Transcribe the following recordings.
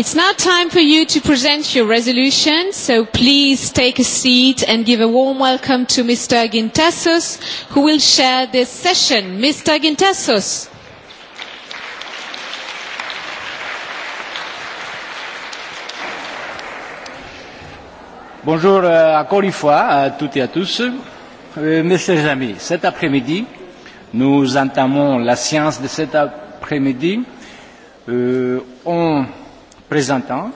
It's now time for you to present your resolution, so please take a seat and give a warm welcome to Mr. Gintasos, who will share this session. Mr. Gintasos. Bonjour euh, encore une fois à toutes et à tous. Euh, mes chers amis, cet après-midi, nous entamons la science de cet après-midi. Euh, on présentant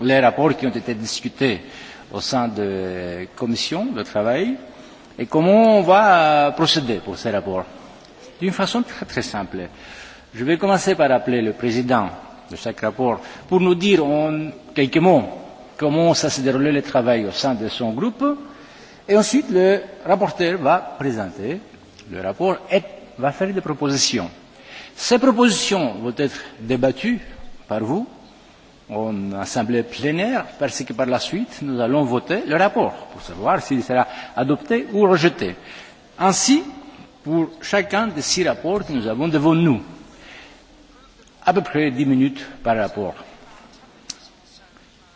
les rapports qui ont été discutés au sein de commissions de travail et comment on va procéder pour ces rapports. D'une façon très très simple. Je vais commencer par appeler le président de chaque rapport pour nous dire en quelques mots comment ça s'est déroulé le travail au sein de son groupe. Et ensuite, le rapporteur va présenter le rapport et va faire des propositions. Ces propositions vont être débattues par vous en assemblée plénière, parce que par la suite, nous allons voter le rapport pour savoir s'il sera adopté ou rejeté. Ainsi, pour chacun des six rapports que nous avons devant nous, à peu près dix minutes par rapport.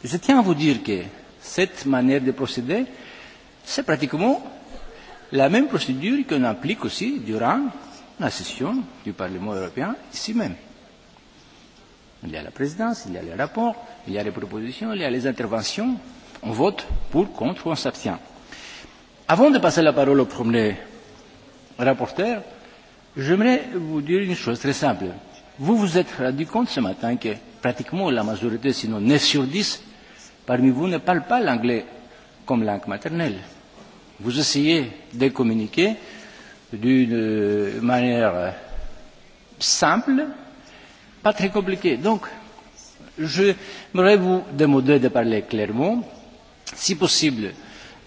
Je tiens à vous dire que cette manière de procéder, c'est pratiquement la même procédure qu'on applique aussi durant la session du Parlement européen ici même. Il y a la présidence, il y a les rapports, il y a les propositions, il y a les interventions. On vote pour, contre ou on s'abstient. Avant de passer la parole au premier rapporteur, j'aimerais vous dire une chose très simple. Vous vous êtes rendu compte ce matin que pratiquement la majorité, sinon 9 sur 10, parmi vous ne parle pas l'anglais comme langue maternelle. Vous essayez de communiquer d'une manière simple, pas très compliqué. Donc, je voudrais vous demander de parler clairement, si possible,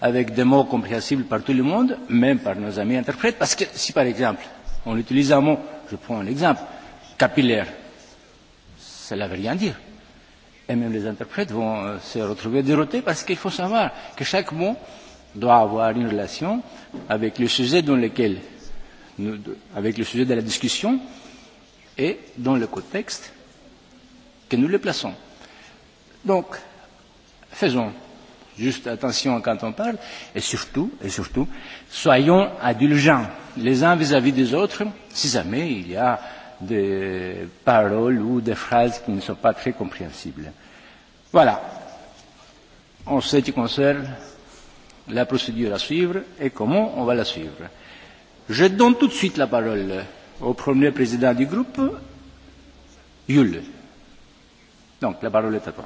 avec des mots compréhensibles par tout le monde, même par nos amis interprètes, parce que si par exemple, on utilise un mot, je prends un exemple, capillaire, cela ne veut rien dire. Et même les interprètes vont euh, se retrouver dérotés parce qu'il faut savoir que chaque mot doit avoir une relation avec le sujet dans lequel, nous, avec le sujet de la discussion, et dans le contexte que nous le plaçons. Donc, faisons juste attention quand on parle et surtout, et surtout, soyons indulgents les uns vis-à-vis -vis des autres si jamais il y a des paroles ou des phrases qui ne sont pas très compréhensibles. Voilà. En ce qui concerne la procédure à suivre et comment on va la suivre. Je donne tout de suite la parole au premier président du groupe, Jules. Donc, la parole est à toi.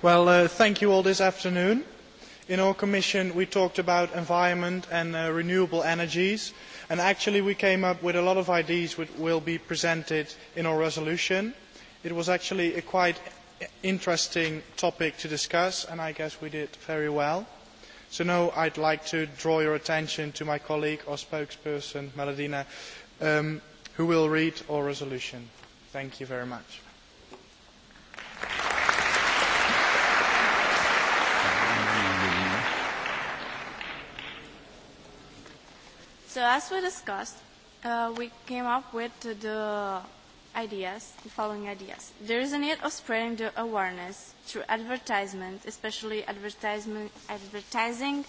Well, uh, thank you all this afternoon in our commission we talked about environment and uh, renewable energies and actually we came up with a lot of ideas which will be presented in our resolution. It was actually a quite interesting topic to discuss and I guess we did very well. So now I'd like to draw your attention to my colleague or spokesperson, Meladina, um, who will read our resolution. Thank you very much. So as we discussed, uh, we came up with the ideas, the following ideas. There is a need of spreading the awareness through advertisement, especially advertisement, advertising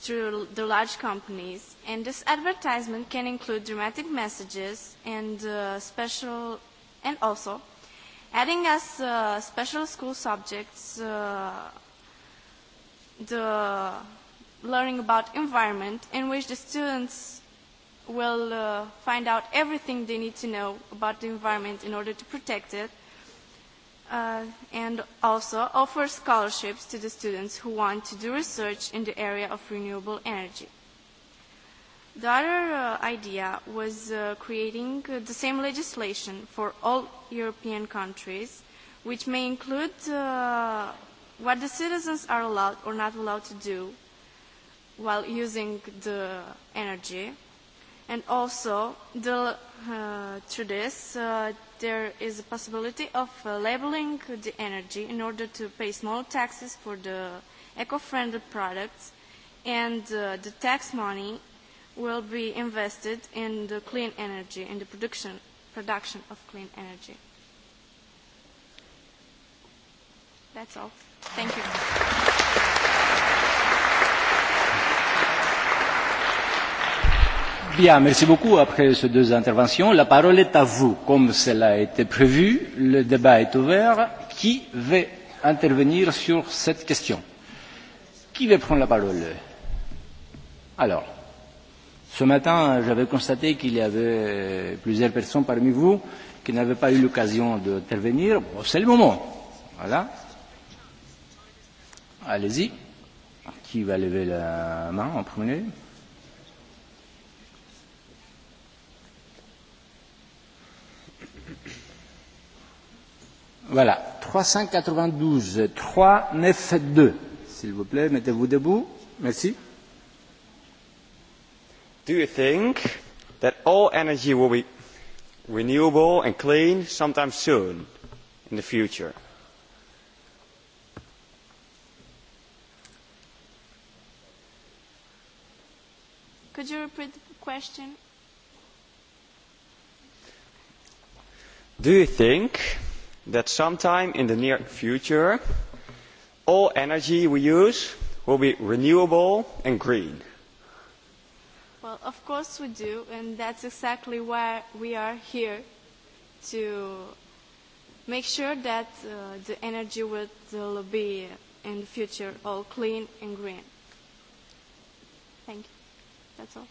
through the large companies. And this advertisement can include dramatic messages and uh, special, and also adding as uh, special school subjects uh, the learning about environment in which the students will uh, find out everything they need to know about the environment in order to protect it uh, and also offer scholarships to the students who want to do research in the area of renewable energy. The other uh, idea was uh, creating uh, the same legislation for all European countries, which may include uh, what the citizens are allowed or not allowed to do while using the energy. And also, the, uh, through this, uh, there is a possibility of uh, labeling the energy in order to pay small taxes for the eco-friendly products, and uh, the tax money will be invested in the clean energy, in the production, production of clean energy. That's all. Thank you. Bien, merci beaucoup. Après ces deux interventions, la parole est à vous. Comme cela a été prévu, le débat est ouvert. Qui veut intervenir sur cette question Qui veut prendre la parole Alors, ce matin, j'avais constaté qu'il y avait plusieurs personnes parmi vous qui n'avaient pas eu l'occasion d'intervenir. Bon, C'est le moment. Voilà. Allez-y. Qui va lever la main en premier Voilà, 392, 392. S'il vous plaît, mettez-vous debout. Merci. Do you think that all energy will be renewable and clean sometime soon in the future? Could you repeat the question? Do you think that sometime in the near future, all energy we use will be renewable and green? Well, of course we do, and that's exactly why we are here to make sure that uh, the energy will be in the future all clean and green. Thank you. That's all.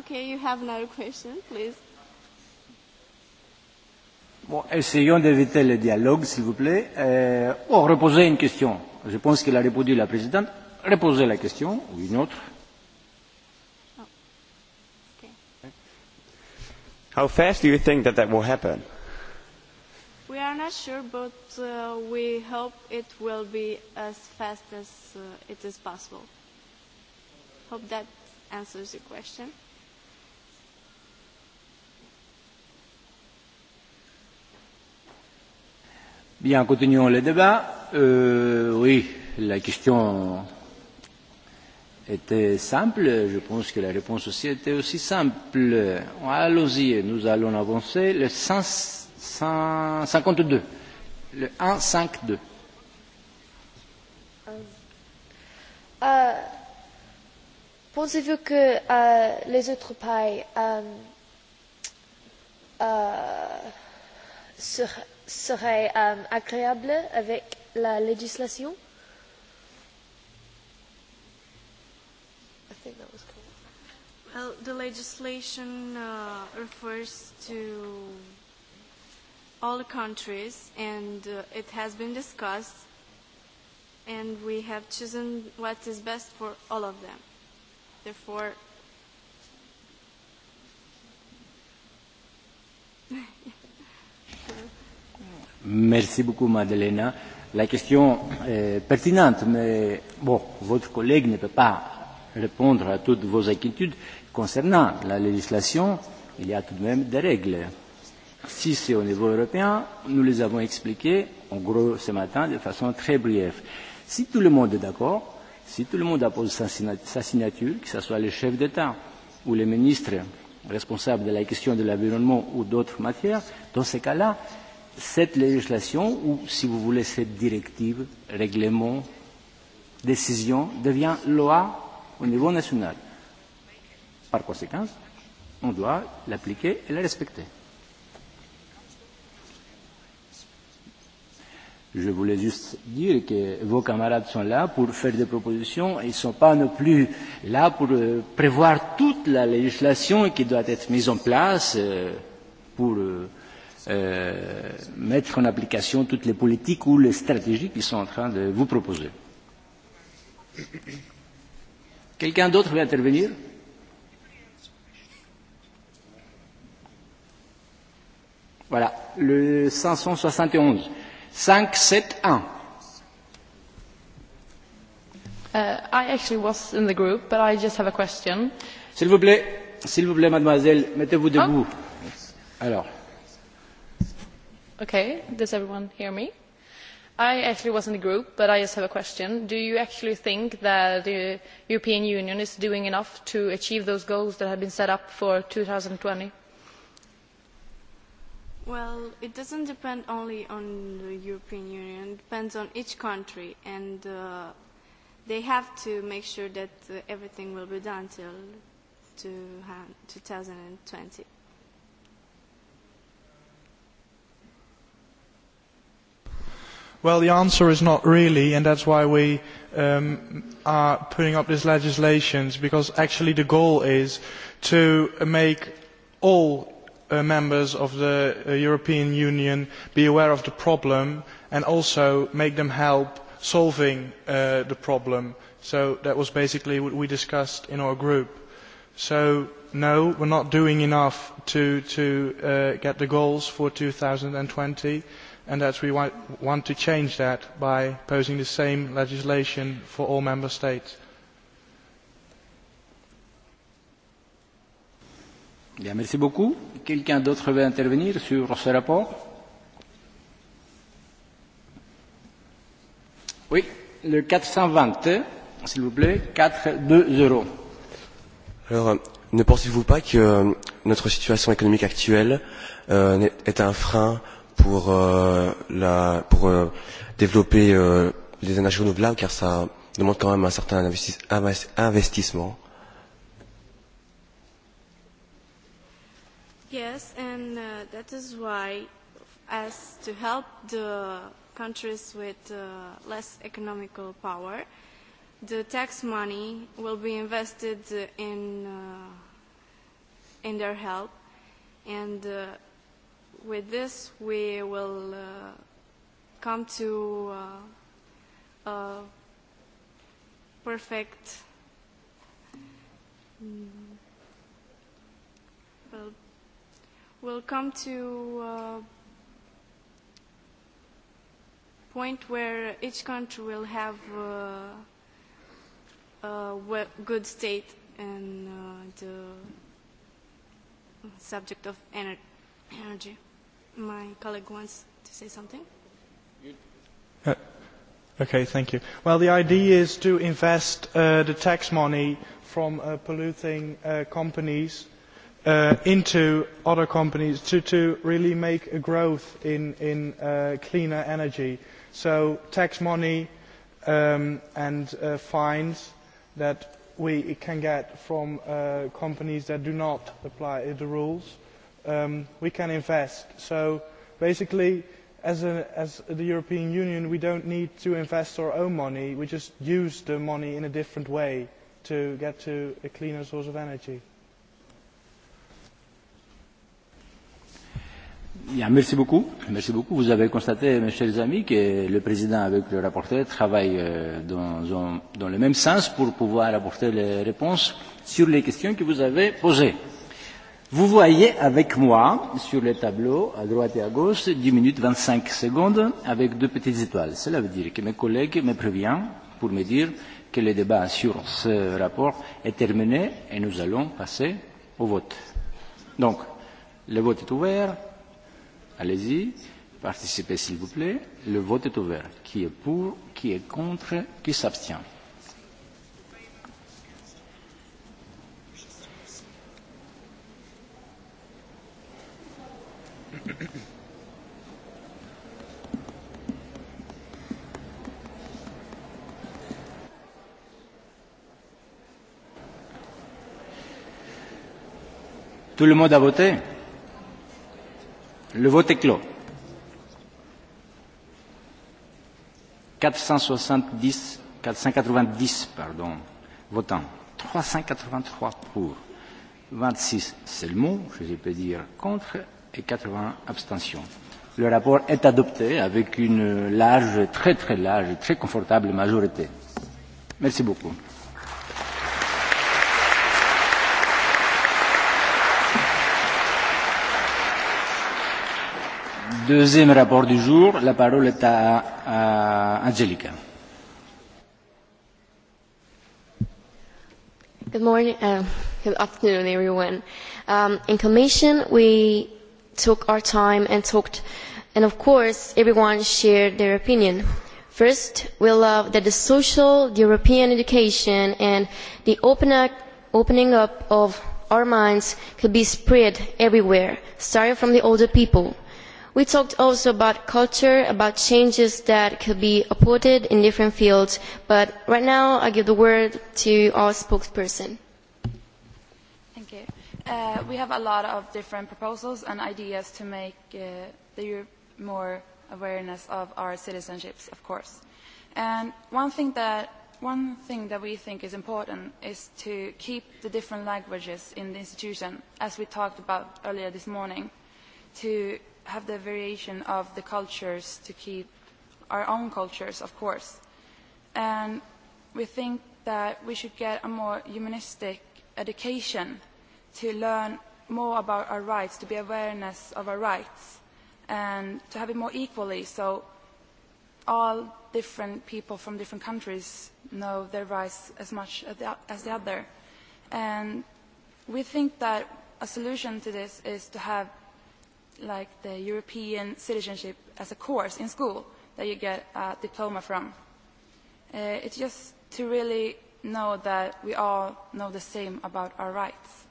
Okay, you have another question, please. Bon, essayons d'éviter le dialogue, s'il vous plaît. Euh, oh, reposer une question. Je pense qu'il a répondu la présidente. Reposer la question, ou une autre. How fast do you think that that will happen? We are not sure, but uh, we hope it will be as fast as uh, it is possible. Hope that answers your question. Bien, continuons le débat. Euh, oui, la question était simple. Je pense que la réponse aussi était aussi simple. Allons-y, nous allons avancer. Le 5, 52. Le 1, 5, 2. Euh, Pensez-vous que euh, les autres pays euh, euh, seraient serait euh, agréable avec la législation I think that was cool. Well, the legislation uh, refers to all the countries and uh, it has been discussed and we have chosen what is best for all of them. Therefore, Merci beaucoup, Madeleine. La question est pertinente, mais bon, votre collègue ne peut pas répondre à toutes vos inquiétudes concernant la législation. Il y a tout de même des règles. Si c'est au niveau européen, nous les avons expliquées, en gros, ce matin, de façon très brève. Si tout le monde est d'accord, si tout le monde appose sa signature, que ce soit les chefs d'État ou les ministres responsables de la question de l'environnement ou d'autres matières, dans ces cas-là, cette législation, ou si vous voulez cette directive, règlement, décision, devient loi au niveau national. Par conséquent, on doit l'appliquer et la respecter. Je voulais juste dire que vos camarades sont là pour faire des propositions. Ils ne sont pas non plus là pour euh, prévoir toute la législation qui doit être mise en place euh, pour euh, euh, mettre en application toutes les politiques ou les stratégies qu'ils sont en train de vous proposer. Quelqu'un d'autre veut intervenir Voilà, le 571. 571. Uh, I actually was in the group, but I just have a question. S'il vous plaît, s'il vous plaît, mademoiselle, mettez-vous debout. Oh. Alors. Okay, does everyone hear me? I actually was in the group, but I just have a question. Do you actually think that the European Union is doing enough to achieve those goals that have been set up for 2020? Well, it doesn't depend only on the European Union. It depends on each country, and uh, they have to make sure that uh, everything will be done till to, uh, um, 2020. Well, the answer is not really, and that's why we um, are putting up this legislation, because actually the goal is to make all uh, members of the uh, European Union be aware of the problem and also make them help solving uh, the problem. So that was basically what we discussed in our group. So no, we're not doing enough to, to uh, get the goals for 2020 and that we want to change that by posing the same legislation for all member states. Bien, merci beaucoup. Quelqu'un d'autre veut intervenir sur ce rapport Oui, le 420, s'il vous plaît, 420. Alors, ne pensez-vous pas que euh, notre situation économique actuelle euh, est un frein pour, euh, la, pour euh, développer euh, les énergies renouvelables car ça demande quand même un certain investis, investissement. Yes, and uh, that is why, as to help the countries with uh, less economical power, the tax money will be invested in, uh, in their help and uh, with this, we will uh, come to uh, a perfect mm, well, we'll come to a uh, point where each country will have uh, a good state and uh, the subject of energy energy my colleague wants to say something. Uh, okay, thank you. Well, the idea is to invest uh, the tax money from uh, polluting uh, companies uh, into other companies to, to really make a growth in, in uh, cleaner energy. So tax money um, and uh, fines that we can get from uh, companies that do not apply the rules um, we can invest. So basically, as, a, as the European Union, we don't need to invest our own money. We just use the money in a different way to get to a cleaner source of energy. Yeah, merci beaucoup. Merci beaucoup. Vous avez constaté, mes chers amis, que le président avec le rapporteur travaille euh, dans, dans, dans le même sens pour pouvoir apporter les réponses sur les questions que vous avez posées. Vous voyez avec moi sur le tableau, à droite et à gauche, 10 minutes 25 secondes avec deux petites étoiles. Cela veut dire que mes collègues me préviennent pour me dire que le débat sur ce rapport est terminé et nous allons passer au vote. Donc, le vote est ouvert. Allez-y, participez s'il vous plaît. Le vote est ouvert. Qui est pour, qui est contre, qui s'abstient Tout le monde a voté Le vote est clos. 470, 490, pardon, votants. 383 pour, 26 seulement, je peux dire contre, et 80 abstentions. Le rapport est adopté avec une large, très très large, très confortable majorité. Merci beaucoup. Deuxième rapport du jour, la parole est à, à Angelica. Good morning, uh, good afternoon everyone. Um, in commission we took our time and talked and of course everyone shared their opinion. First, we love that the social, the European education and the open up, opening up of our minds could be spread everywhere, starting from the older people. We talked also about culture, about changes that could be apported in different fields, but right now I give the word to our spokesperson. Thank you. Uh, we have a lot of different proposals and ideas to make uh, the Europe more awareness of our citizenships, of course. And one thing that one thing that we think is important is to keep the different languages in the institution, as we talked about earlier this morning, to have the variation of the cultures to keep our own cultures, of course. And we think that we should get a more humanistic education to learn more about our rights, to be awareness of our rights, and to have it more equally so all different people from different countries know their rights as much as the, as the other. And we think that a solution to this is to have like the European citizenship as a course in school that you get a diploma from. Uh, it's just to really know that we all know the same about our rights.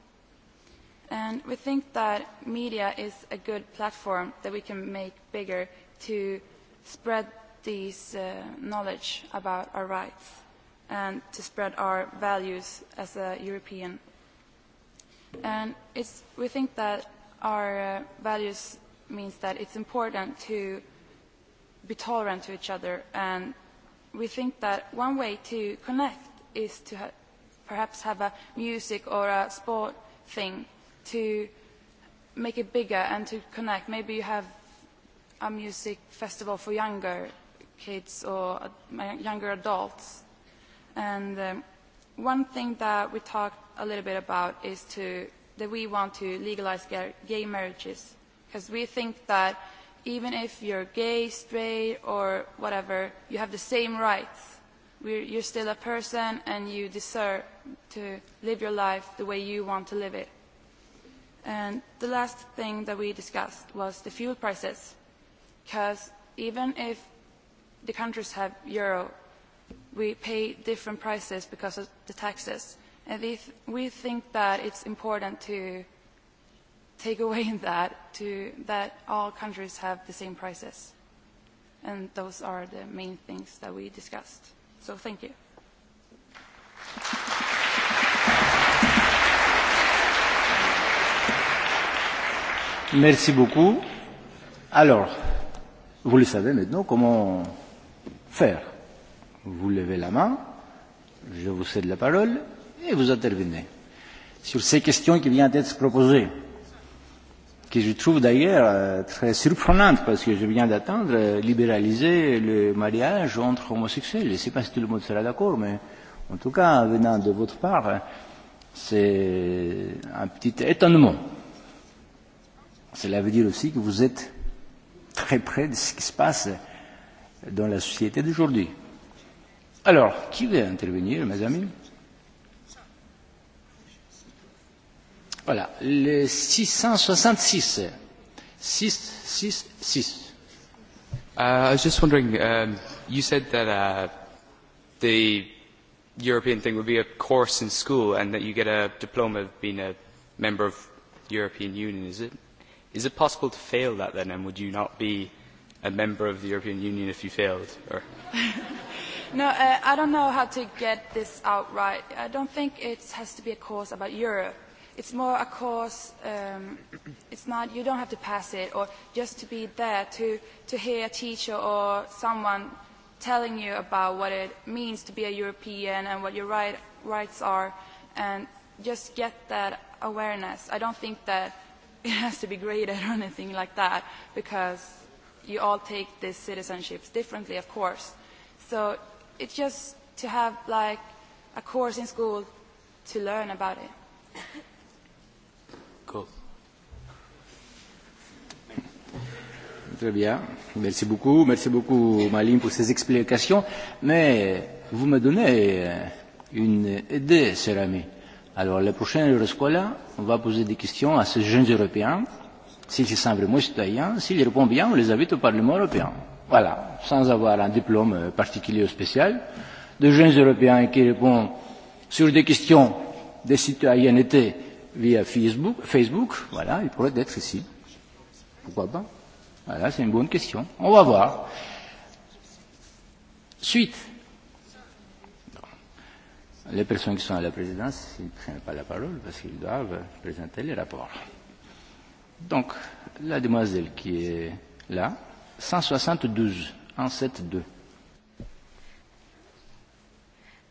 And we think that media is a good platform that we can make bigger to spread this uh, knowledge about our rights and to spread our values as a European. And it's, we think that our uh, values means that it's important to be tolerant to each other and we think that one way to connect is to ha perhaps have a music or a sport thing to make it bigger and to connect. Maybe you have a music festival for younger kids or younger adults. And um, one thing that we talked a little bit about is to that we want to legalize gay marriages because we think that even if you're gay, straight, or whatever, you have the same rights. We're, you're still a person and you deserve to live your life the way you want to live it. And the last thing that we discussed was the fuel prices. Because even if the countries have euro, we pay different prices because of the taxes. And we, we think that it's important to take away that, to, that all countries have the same prices. And those are the main things that we discussed. So thank you. Merci beaucoup. Alors, vous le savez maintenant comment faire. Vous levez la main, je vous cède la parole et vous intervenez sur ces questions qui viennent d'être proposées, qui je trouve d'ailleurs euh, très surprenantes parce que je viens d'attendre euh, libéraliser le mariage entre homosexuels. Je ne sais pas si tout le monde sera d'accord, mais en tout cas, venant de votre part, c'est un petit étonnement. Cela veut dire aussi que vous êtes très près de ce qui se passe dans la société d'aujourd'hui. Alors, qui veut intervenir, mes amis Voilà, le 666. 6, 6, 6. Uh, I was just wondering, um, you said that uh, the European thing would be a course in school and that you get a diploma of being a member of the European Union. Is it, is it possible to fail that then, and would you not be a member of the European Union if you failed? Or? no, uh, I don't know how to get this out right. I don't think it has to be a course about Europe it's more a course, um, it's not, you don't have to pass it, or just to be there, to, to hear a teacher or someone telling you about what it means to be a European and what your right, rights are, and just get that awareness. I don't think that it has to be graded or anything like that, because you all take these citizenships differently, of course. So it's just to have like a course in school to learn about it. Go. Très bien. Merci beaucoup. Merci beaucoup, Malim, pour ces explications. Mais vous me donnez euh, une idée, cher ami. Alors, la prochaine Euroscola, on va poser des questions à ces jeunes Européens. S'ils se sentent vraiment citoyens, s'ils répondent bien, on les invite au Parlement européen. Voilà, sans avoir un diplôme euh, particulier ou spécial. De jeunes Européens qui répondent sur des questions de citoyenneté via Facebook, Facebook, voilà, il pourrait être ici. Pourquoi pas Voilà, c'est une bonne question. On va voir. Suite. Les personnes qui sont à la présidence, ils ne prennent pas la parole parce qu'ils doivent présenter les rapports. Donc, la demoiselle qui est là, 172, 2.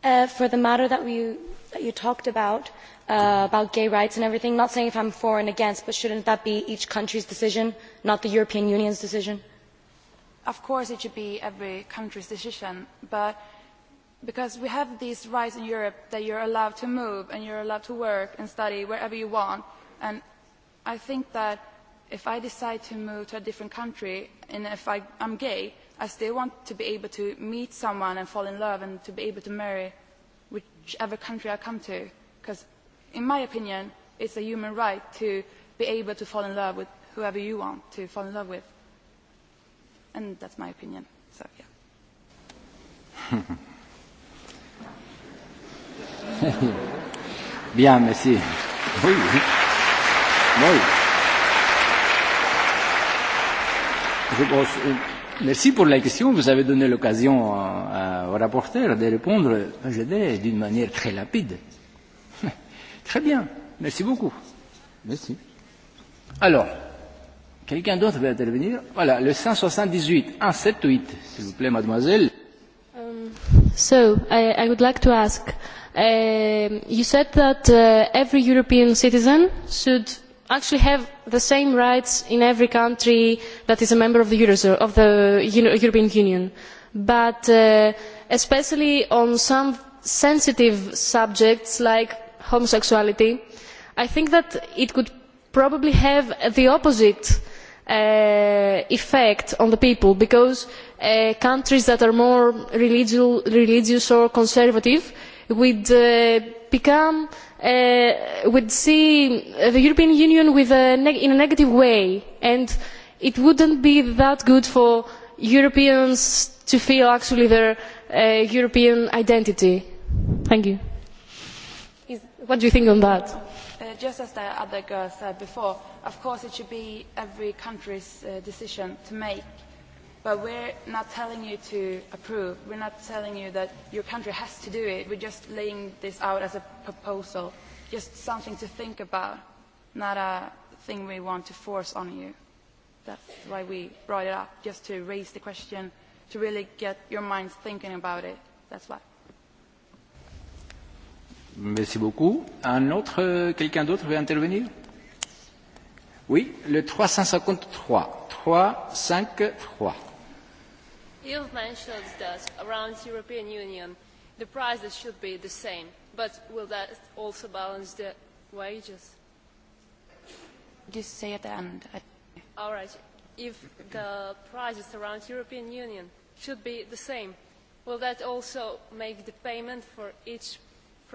Uh, for the matter that, we, that you talked about, uh, about gay rights and everything, not saying if I'm for and against, but shouldn't that be each country's decision, not the European Union's decision? Of course it should be every country's decision, but because we have these rights in Europe that you're allowed to move and you're allowed to work and study wherever you want. And I think that if I decide to move to a different country and if I, I'm gay, I still want to be able to meet someone and fall in love and to be able to marry whichever country I come to. Because in my opinion, it's a human right to be able to fall in love with whoever you want to fall in love with. And that's my opinion. So, yeah. Bien, merci. Oui. Oui. Je pense, euh, merci pour la question. Vous avez donné l'occasion au rapporteur de répondre, je dirais, d'une manière très rapide. Très bien. Merci beaucoup. Merci. Alors, quelqu'un d'autre veut intervenir Voilà, le 178, 178, s'il vous plaît, mademoiselle. Um, so, I, I would like to ask, uh, you said that uh, every European citizen should actually have the same rights in every country that is a member of the, Euro- of the Euro- European Union. But uh, especially on some sensitive subjects like homosexuality, I think that it could probably have the opposite uh, effect on the people because uh, countries that are more religious, religious or conservative would uh, become uh, would see the European Union with a neg in a negative way and it wouldn't be that good for Europeans to feel actually their uh, European identity. Thank you. What do you think on that? Uh, just as the other girl said before, of course it should be every country's uh, decision to make. But we're not telling you to approve. We're not telling you that your country has to do it. We're just laying this out as a proposal, just something to think about, not a thing we want to force on you. That's why we brought it up, just to raise the question, to really get your minds thinking about it. That's why. Merci beaucoup. Un autre, euh, quelqu'un d'autre veut intervenir Oui, le 353. 3, 5, 3. You've mentioned that around the European Union the prices should be the same, but will that also balance the wages? Just say at the end. All right. If the prices around the European Union should be the same, will that also make the payment for each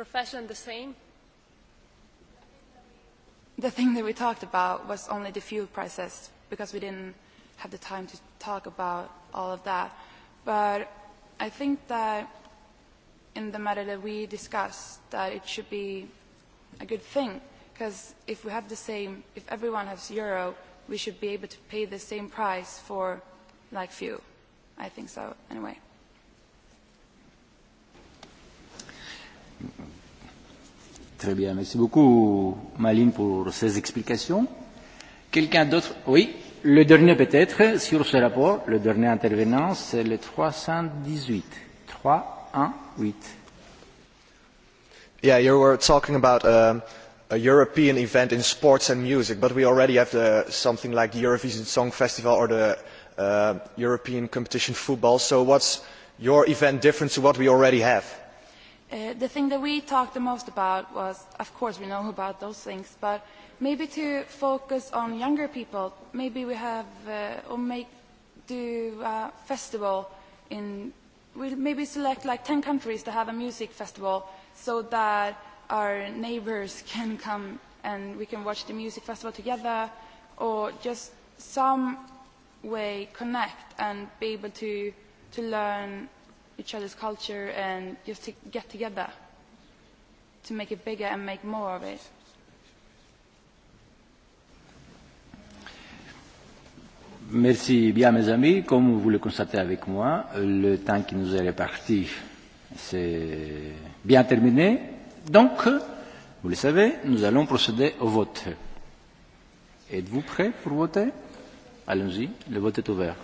profession the same? The thing that we talked about was only the fuel prices because we didn't have the time to talk about all of that. But I think that in the matter that we discussed, that it should be a good thing because if we have the same, if everyone has euro, we should be able to pay the same price for like fuel. I think so, anyway. Très bien, merci beaucoup Maline pour ces explications. Quelqu'un d'autre Oui, le dernier peut-être sur ce rapport, le dernier intervenant, c'est le 318. 318. Yeah, you were talking about a, um, a European event in sports and music, but we already have the, something like the Eurovision Song Festival or the uh, European Competition Football. So what's your event different to what we already have? Uh, the thing that we talked the most about was, of course, we know about those things, but maybe to focus on younger people, maybe we have uh, or make do a festival in. We maybe select like 10 countries to have a music festival so that our neighbors can come and we can watch the music festival together or just some way connect and be able to, to learn each other's culture and just to get together to make it bigger and make more of it. Merci bien mes amis. Comme vous le constatez avec moi, le temps qui nous est réparti c'est bien terminé. Donc, vous le savez, nous allons procéder au vote. Êtes-vous prêts pour voter Allons-y, le vote est ouvert.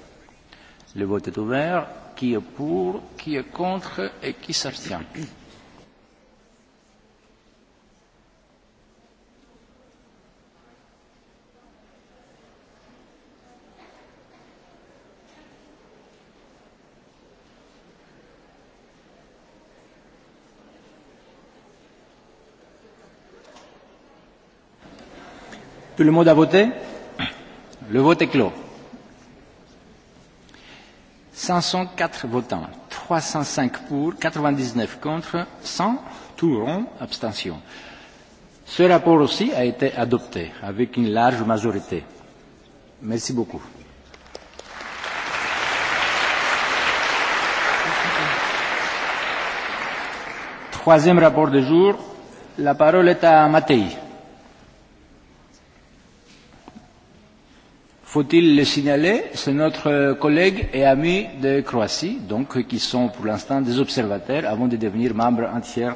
Le vote est ouvert qui est pour, qui est contre et qui s'abstient. Tout le monde a voté Le vote est clos. 504 votants, 305 pour, 99 contre, 100 tout rond, abstention. Ce rapport aussi a été adopté avec une large majorité. Merci beaucoup. Troisième rapport du jour, la parole est à Mattei. Faut-il le signaler C'est notre euh, collègue et ami de Croatie, donc qui sont pour l'instant des observateurs avant de devenir membres entiers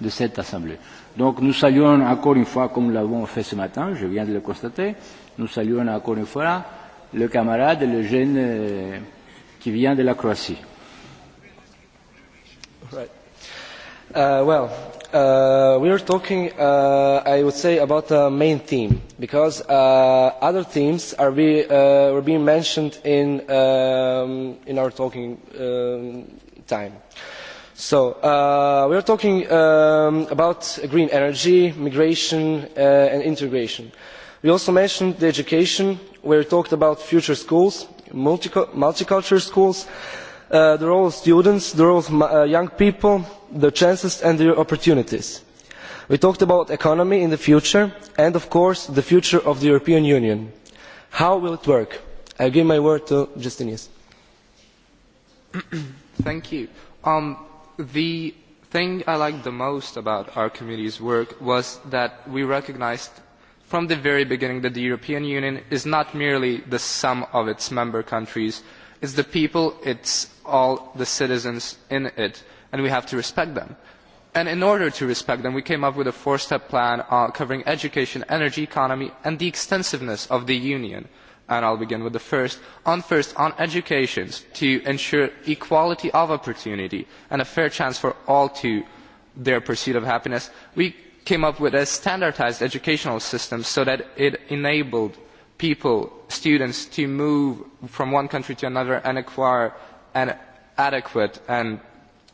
de cette Assemblée. Donc nous saluons encore une fois, comme nous l'avons fait ce matin, je viens de le constater, nous saluons encore une fois le camarade, le jeune euh, qui vient de la Croatie. Right. Uh, well, uh, we are talking, uh, I would say, about the main theme, because uh, other themes are be, uh, were being mentioned in, um, in our talking um, time. So, uh, we are talking um, about green energy, migration, uh, and integration. We also mentioned the education, where we talked about future schools, multicultural schools, Uh, the role of students, the role of young people, their chances and their opportunities. We talked about economy in the future and, of course, the future of the European Union. How will it work? I give my word to Justinius. Thank you. Um, the thing I liked the most about our committee's work was that we recognized from the very beginning that the European Union is not merely the sum of its member countries, it's the people, its all the citizens in it, and we have to respect them. And in order to respect them, we came up with a four-step plan uh, covering education, energy, economy, and the extensiveness of the union. And I'll begin with the first. On first, on education, to ensure equality of opportunity and a fair chance for all to their pursuit of happiness, we came up with a standardized educational system so that it enabled people, students, to move from one country to another and acquire an adequate and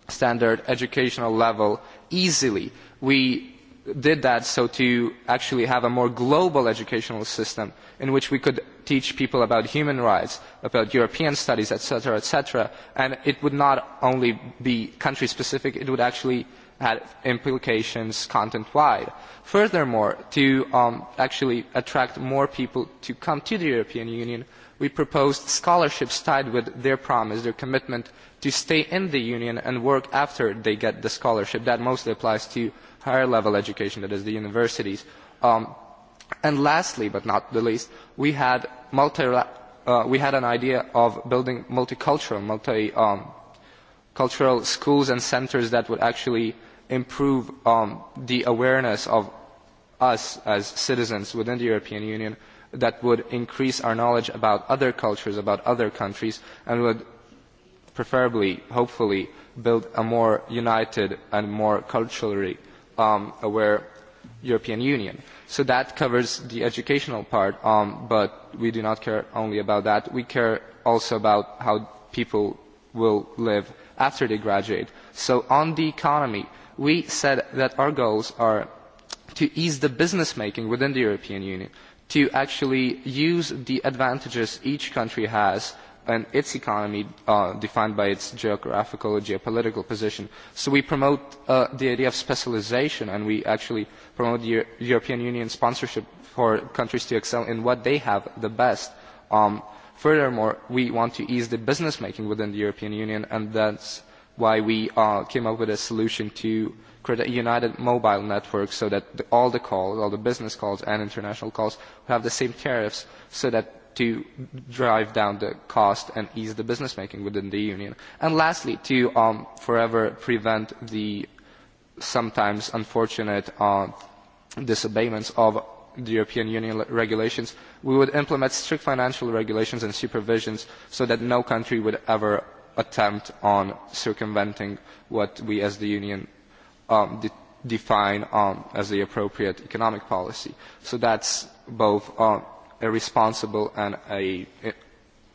standard educational level easily. We did that so to actually have a more global educational system in which we could teach people about human rights, about European studies, etc., etc. And it would not only be country-specific, it would actually had implications content-wide. Furthermore, to um, actually attract more people to come to the European Union, we proposed scholarships tied with their promise, their commitment to stay in the union and work after they get the scholarship. That mostly applies to higher level education, that is the universities. Um, and lastly, but not the least, we had, multi, uh, we had an idea of building multicultural, multicultural um, schools and centers that would actually improve um, the awareness of us as citizens within the European Union that would increase our knowledge about other cultures, about other countries, and would preferably, hopefully, build a more united and more culturally um, aware European Union. So that covers the educational part, um, but we do not care only about that. We care also about how people will live after they graduate. So on the economy, we said that our goals are to ease the business making within the European Union to actually use the advantages each country has and its economy uh, defined by its geographical or geopolitical position. So we promote uh, the idea of specialization and we actually promote the European Union sponsorship for countries to excel in what they have the best. Um, furthermore, we want to ease the business making within the European Union and that's why we uh, came up with a solution to create a united mobile network so that the, all the calls, all the business calls and international calls have the same tariffs so that to drive down the cost and ease the business making within the union. And lastly, to um, forever prevent the sometimes unfortunate uh, disobeyments of the European Union regulations, we would implement strict financial regulations and supervisions so that no country would ever attempt on circumventing what we as the Union um, de define um, as the appropriate economic policy. So that's both um, a responsible and a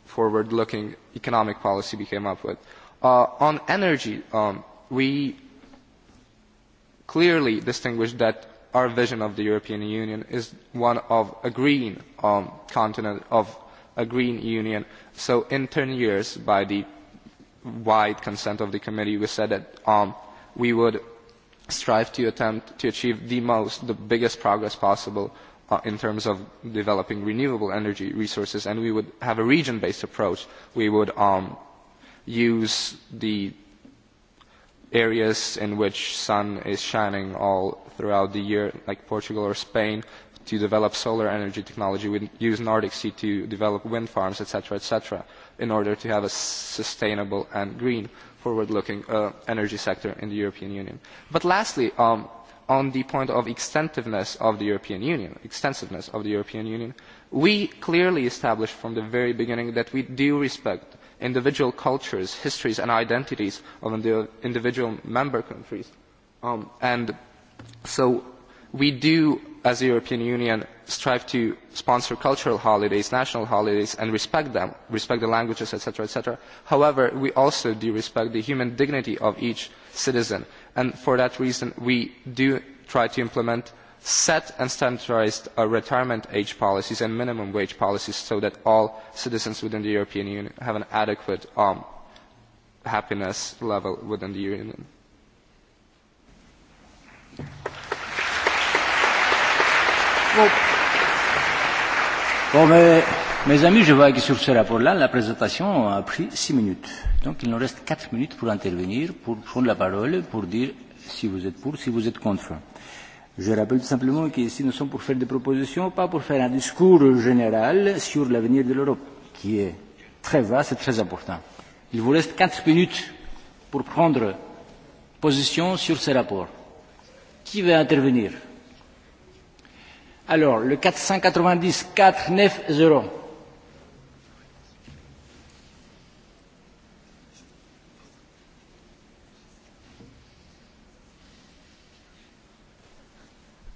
forward-looking economic policy we came up with. Uh, on energy, um, we clearly distinguish that our vision of the European Union is one of a green um, continent, of a green union. So in 10 years, by the wide consent of the committee, we said that um, we would strive to attempt to achieve the most, the biggest progress possible uh, in terms of developing renewable energy resources, and we would have a region-based approach. We would um, use the areas in which sun is shining all throughout the year, like Portugal or Spain, to develop solar energy technology. We use Nordic Sea to develop wind farms, etc., etc., in order to have a sustainable and green forward-looking uh, energy sector in the European Union. But lastly, um, on the point of extensiveness of the European Union, extensiveness of the European Union, we clearly established from the very beginning that we do respect individual cultures, histories and identities of indi individual member countries. Um, and so we do as the European Union, strive to sponsor cultural holidays, national holidays, and respect them, respect the languages, etc., etc. However, we also do respect the human dignity of each citizen, and for that reason, we do try to implement set and standardized uh, retirement age policies and minimum wage policies so that all citizens within the European Union have an adequate um, happiness level within the Union. Bon. bon, mais, mes amis, je vois que sur ce rapport-là, la présentation a pris six minutes. Donc, il nous reste quatre minutes pour intervenir, pour prendre la parole, pour dire si vous êtes pour, si vous êtes contre. Je rappelle tout simplement qu'ici, nous sommes pour faire des propositions, pas pour faire un discours général sur l'avenir de l'Europe, qui est très vaste et très important. Il vous reste quatre minutes pour prendre position sur ce rapport. Qui va intervenir Alors, le 490, 490.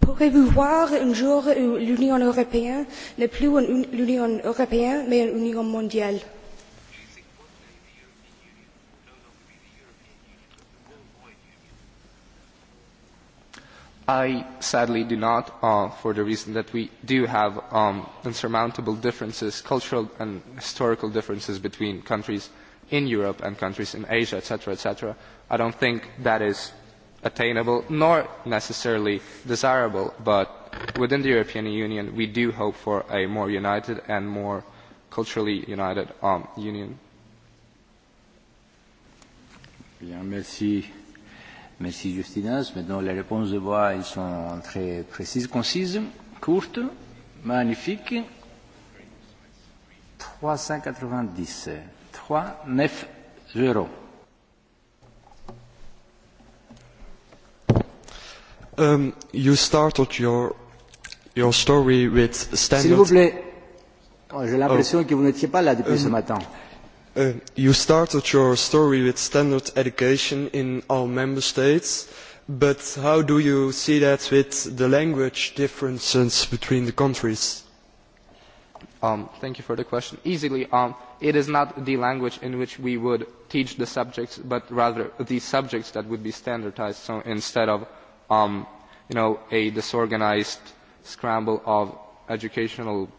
Pourrez-vous voir un jour l'Union européenne n'est plus une Union européenne, mais une Union mondiale I sadly do not, uh, for the reason that we do have um, insurmountable differences, cultural and historical differences between countries in Europe and countries in Asia, etc., etc. I don't think that is attainable nor necessarily desirable, but within the European Union we do hope for a more united and more culturally united um, union. Bien, merci. Merci Justinas. Maintenant, les réponses de voix, elles sont très précises, concises, courtes, magnifiques. 390, 3, 9, 0. Um, you started your, your story with standard... S'il vous plaît, oh, j'ai l'impression oh. que vous n'étiez pas là depuis um, ce matin. Uh, you started your story with standard education in all member states, but how do you see that with the language differences between the countries? Um, thank you for the question. Easily, um, it is not the language in which we would teach the subjects, but rather the subjects that would be standardized. So instead of, um, you know, a disorganized scramble of educational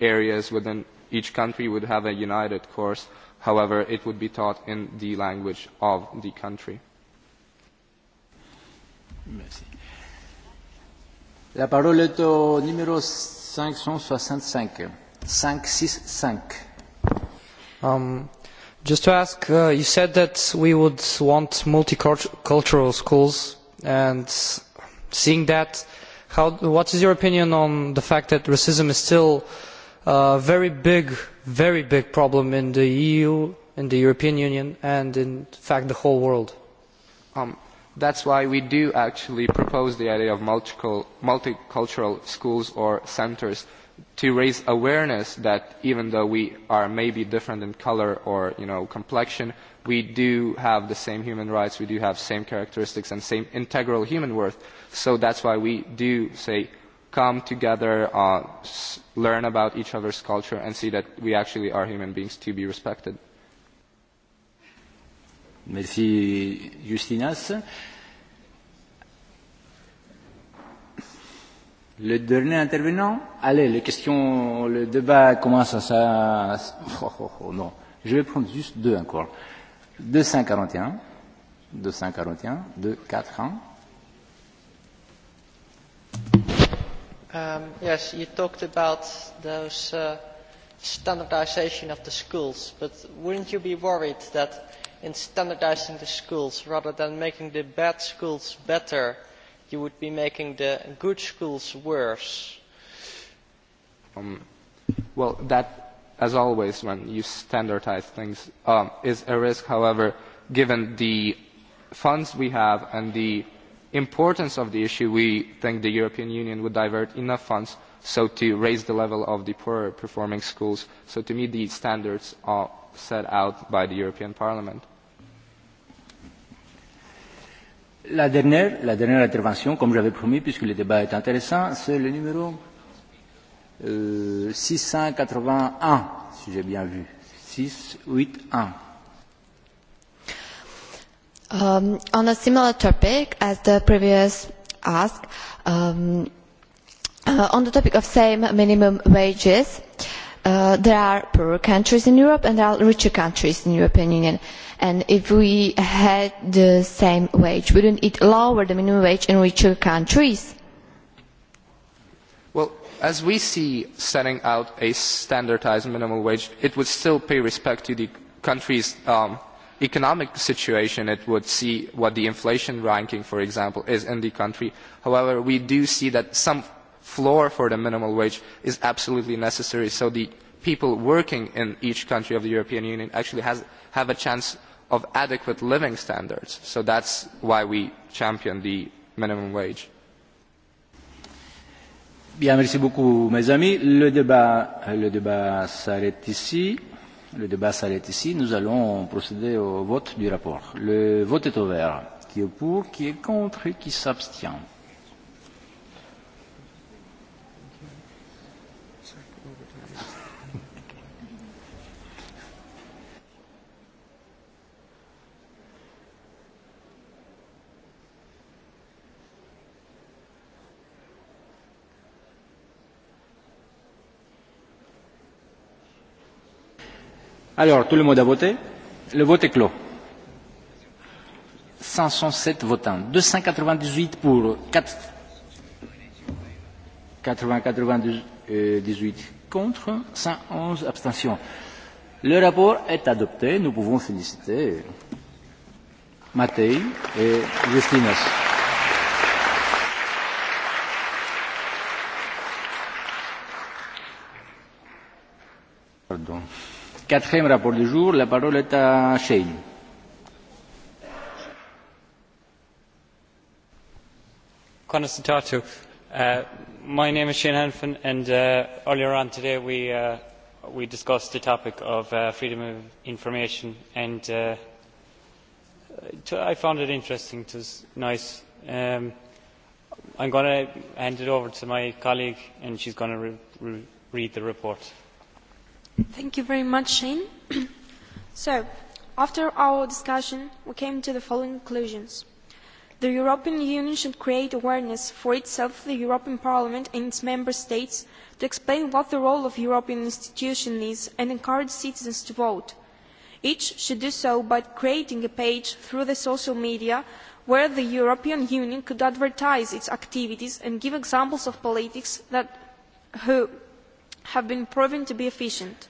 areas within Each country would have a united course, however, it would be taught in the language of the country. Merci. La parole est au numéro 565. 565. Um, just to ask, uh, you said that we would want multicultural schools, and seeing that, how, what is your opinion on the fact that racism is still a very big, very big problem in the EU, in the European Union, and in fact the whole world. Um, that's why we do actually propose the idea of multicultural schools or centers to raise awareness that even though we are maybe different in color or you know complexion, we do have the same human rights, we do have same characteristics and same integral human worth. So that's why we do say come together, uh, s learn about each other's culture, and see that we actually are human beings to be respected. Merci, Justinas. Le dernier intervenant Allez, les questions, le débat commence à ça. Oh, oh, oh, oh, non, je vais prendre juste deux encore. 241, 241, 241. Um, yes, you talked about those uh, standardization of the schools, but wouldn't you be worried that in standardizing the schools, rather than making the bad schools better, you would be making the good schools worse? Um, well, that, as always, when you standardize things, um, is a risk. However, given the funds we have and the importance of the issue, we think the European Union would divert enough funds so to raise the level of the poorer performing schools, so to meet the standards uh, set out by the European Parliament. La dernière, la dernière intervention, comme j'avais promis, puisque le débat est intéressant, c'est le numéro euh, 681, si j'ai bien vu. 681. Um, on a similar topic as the previous ask, um, uh, on the topic of same minimum wages, uh, there are poorer countries in Europe and there are richer countries in the European Union. And if we had the same wage, wouldn't it lower the minimum wage in richer countries? Well, as we see setting out a standardized minimum wage, it would still pay respect to the countries um, economic situation, it would see what the inflation ranking, for example, is in the country. However, we do see that some floor for the minimum wage is absolutely necessary so the people working in each country of the European Union actually has, have a chance of adequate living standards. So that's why we champion the minimum wage. Bien, merci beaucoup, mes amis. Le débat, le débat s'arrête ici. Le débat s'arrête ici. Nous allons procéder au vote du rapport. Le vote est ouvert. Qui est pour, qui est contre et qui s'abstient Alors, tout le monde a voté Le vote est clos. 507 votants, 298 pour, 4... 98 contre, 111 abstentions. Le rapport est adopté. Nous pouvons féliciter Matei et Justinas. Pardon. Quatrième rapport du jour, la parole est à Uh, my name is Shane Hanfan and uh, earlier on today we, uh, we discussed the topic of uh, freedom of information and uh, I found it interesting, it was nice. Um, I'm going to hand it over to my colleague and she's going to re re read the report. Thank you very much, Shane. so, after our discussion, we came to the following conclusions. The European Union should create awareness for itself, the European Parliament and its member states to explain what the role of European institution is and encourage citizens to vote. Each should do so by creating a page through the social media where the European Union could advertise its activities and give examples of politics that who have been proven to be efficient.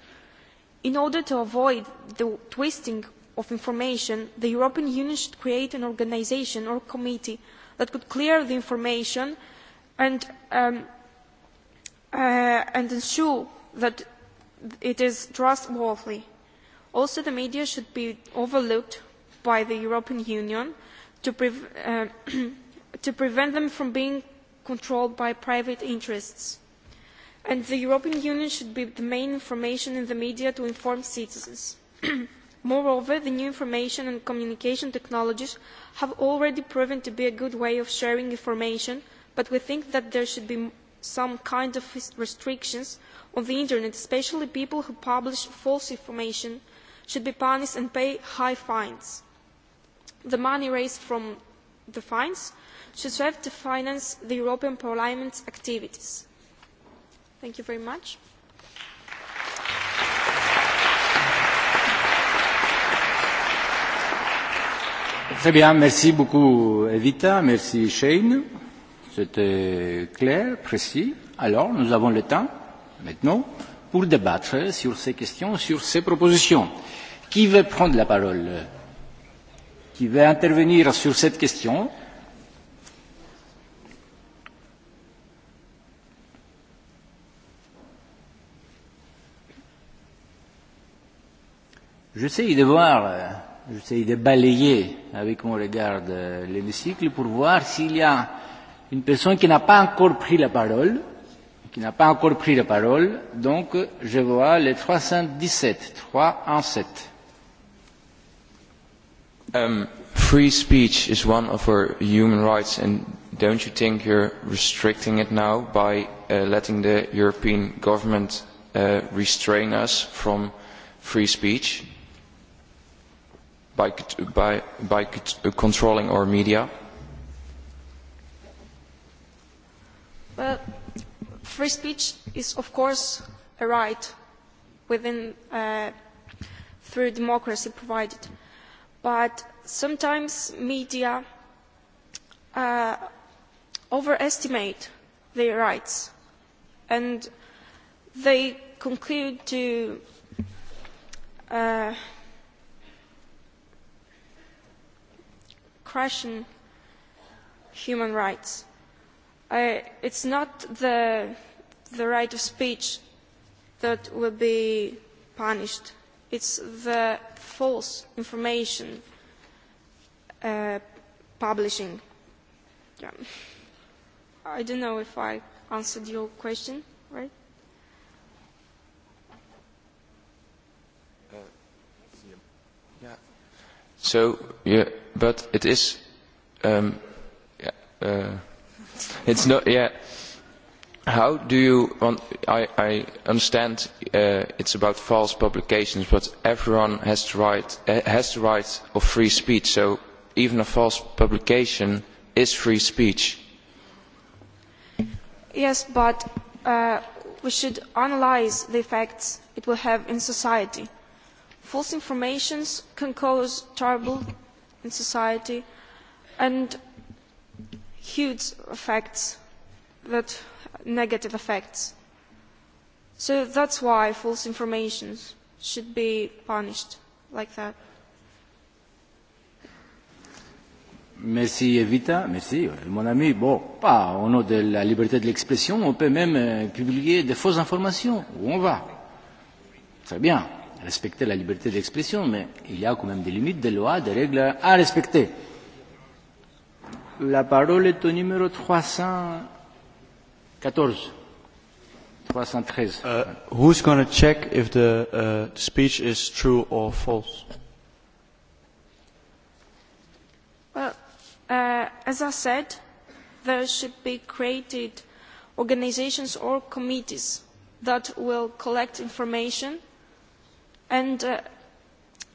In order to avoid the twisting of information, the European Union should create an organisation or committee that could clear the information and, um, uh, and ensure that it is trustworthy. Also, the media should be overlooked by the European Union to, pre uh, to prevent them from being controlled by private interests and the European Union should be the main information in the media to inform citizens. Moreover, the new information and communication technologies have already proven to be a good way of sharing information, but we think that there should be some kind of restrictions on the internet, especially people who publish false information should be punished and pay high fines. The money raised from the fines should serve to finance the European Parliament's activities. Thank you very much. Très bien, merci beaucoup Evita, merci Shane. C'était clair, précis. Alors, nous avons le temps, maintenant, pour débattre sur ces questions, sur ces propositions. Qui veut prendre la parole Qui veut intervenir sur cette question J'essaye de voir, euh, j'essaye de balayer avec mon regard euh, l'hémicycle pour voir s'il y a une personne qui n'a pas encore pris la parole, qui n'a pas encore pris la parole, donc je vois le 317, 7. Um, free speech is one of our human rights and don't you think you're restricting it now by uh, letting the European government uh, restrain us from free speech? by, by, by controlling our media? Well, free speech is, of course, a right within uh, through democracy provided. But sometimes media uh, overestimate their rights and they conclude to uh, crushing human rights. Uh, it's not the, the right of speech that will be punished. It's the false information uh, publishing. Yeah. I don't know if I answered your question, right? So, yeah, but it is, um, yeah, uh, it's not, yeah. How do you want, I, I understand uh, it's about false publications, but everyone has the, right, uh, has the right of free speech, so even a false publication is free speech. Yes, but uh, we should analyze the effects it will have in society False information can cause trouble in society and huge effects, that negative effects. So that's why false information should be punished like that. Merci Evita, merci. Euh, mon ami, bon, pas au nom de la liberté de l'expression, on peut même euh, publier de fausses informations. Où on va Très bien respecter la liberté d'expression, mais il y a quand même des limites, des lois, des règles à respecter. La parole est au numéro 314. 313. Uh, who's going to check if the, uh, speech is true or false? Well, uh, as I said, there should be created organizations or committees that will collect information and uh,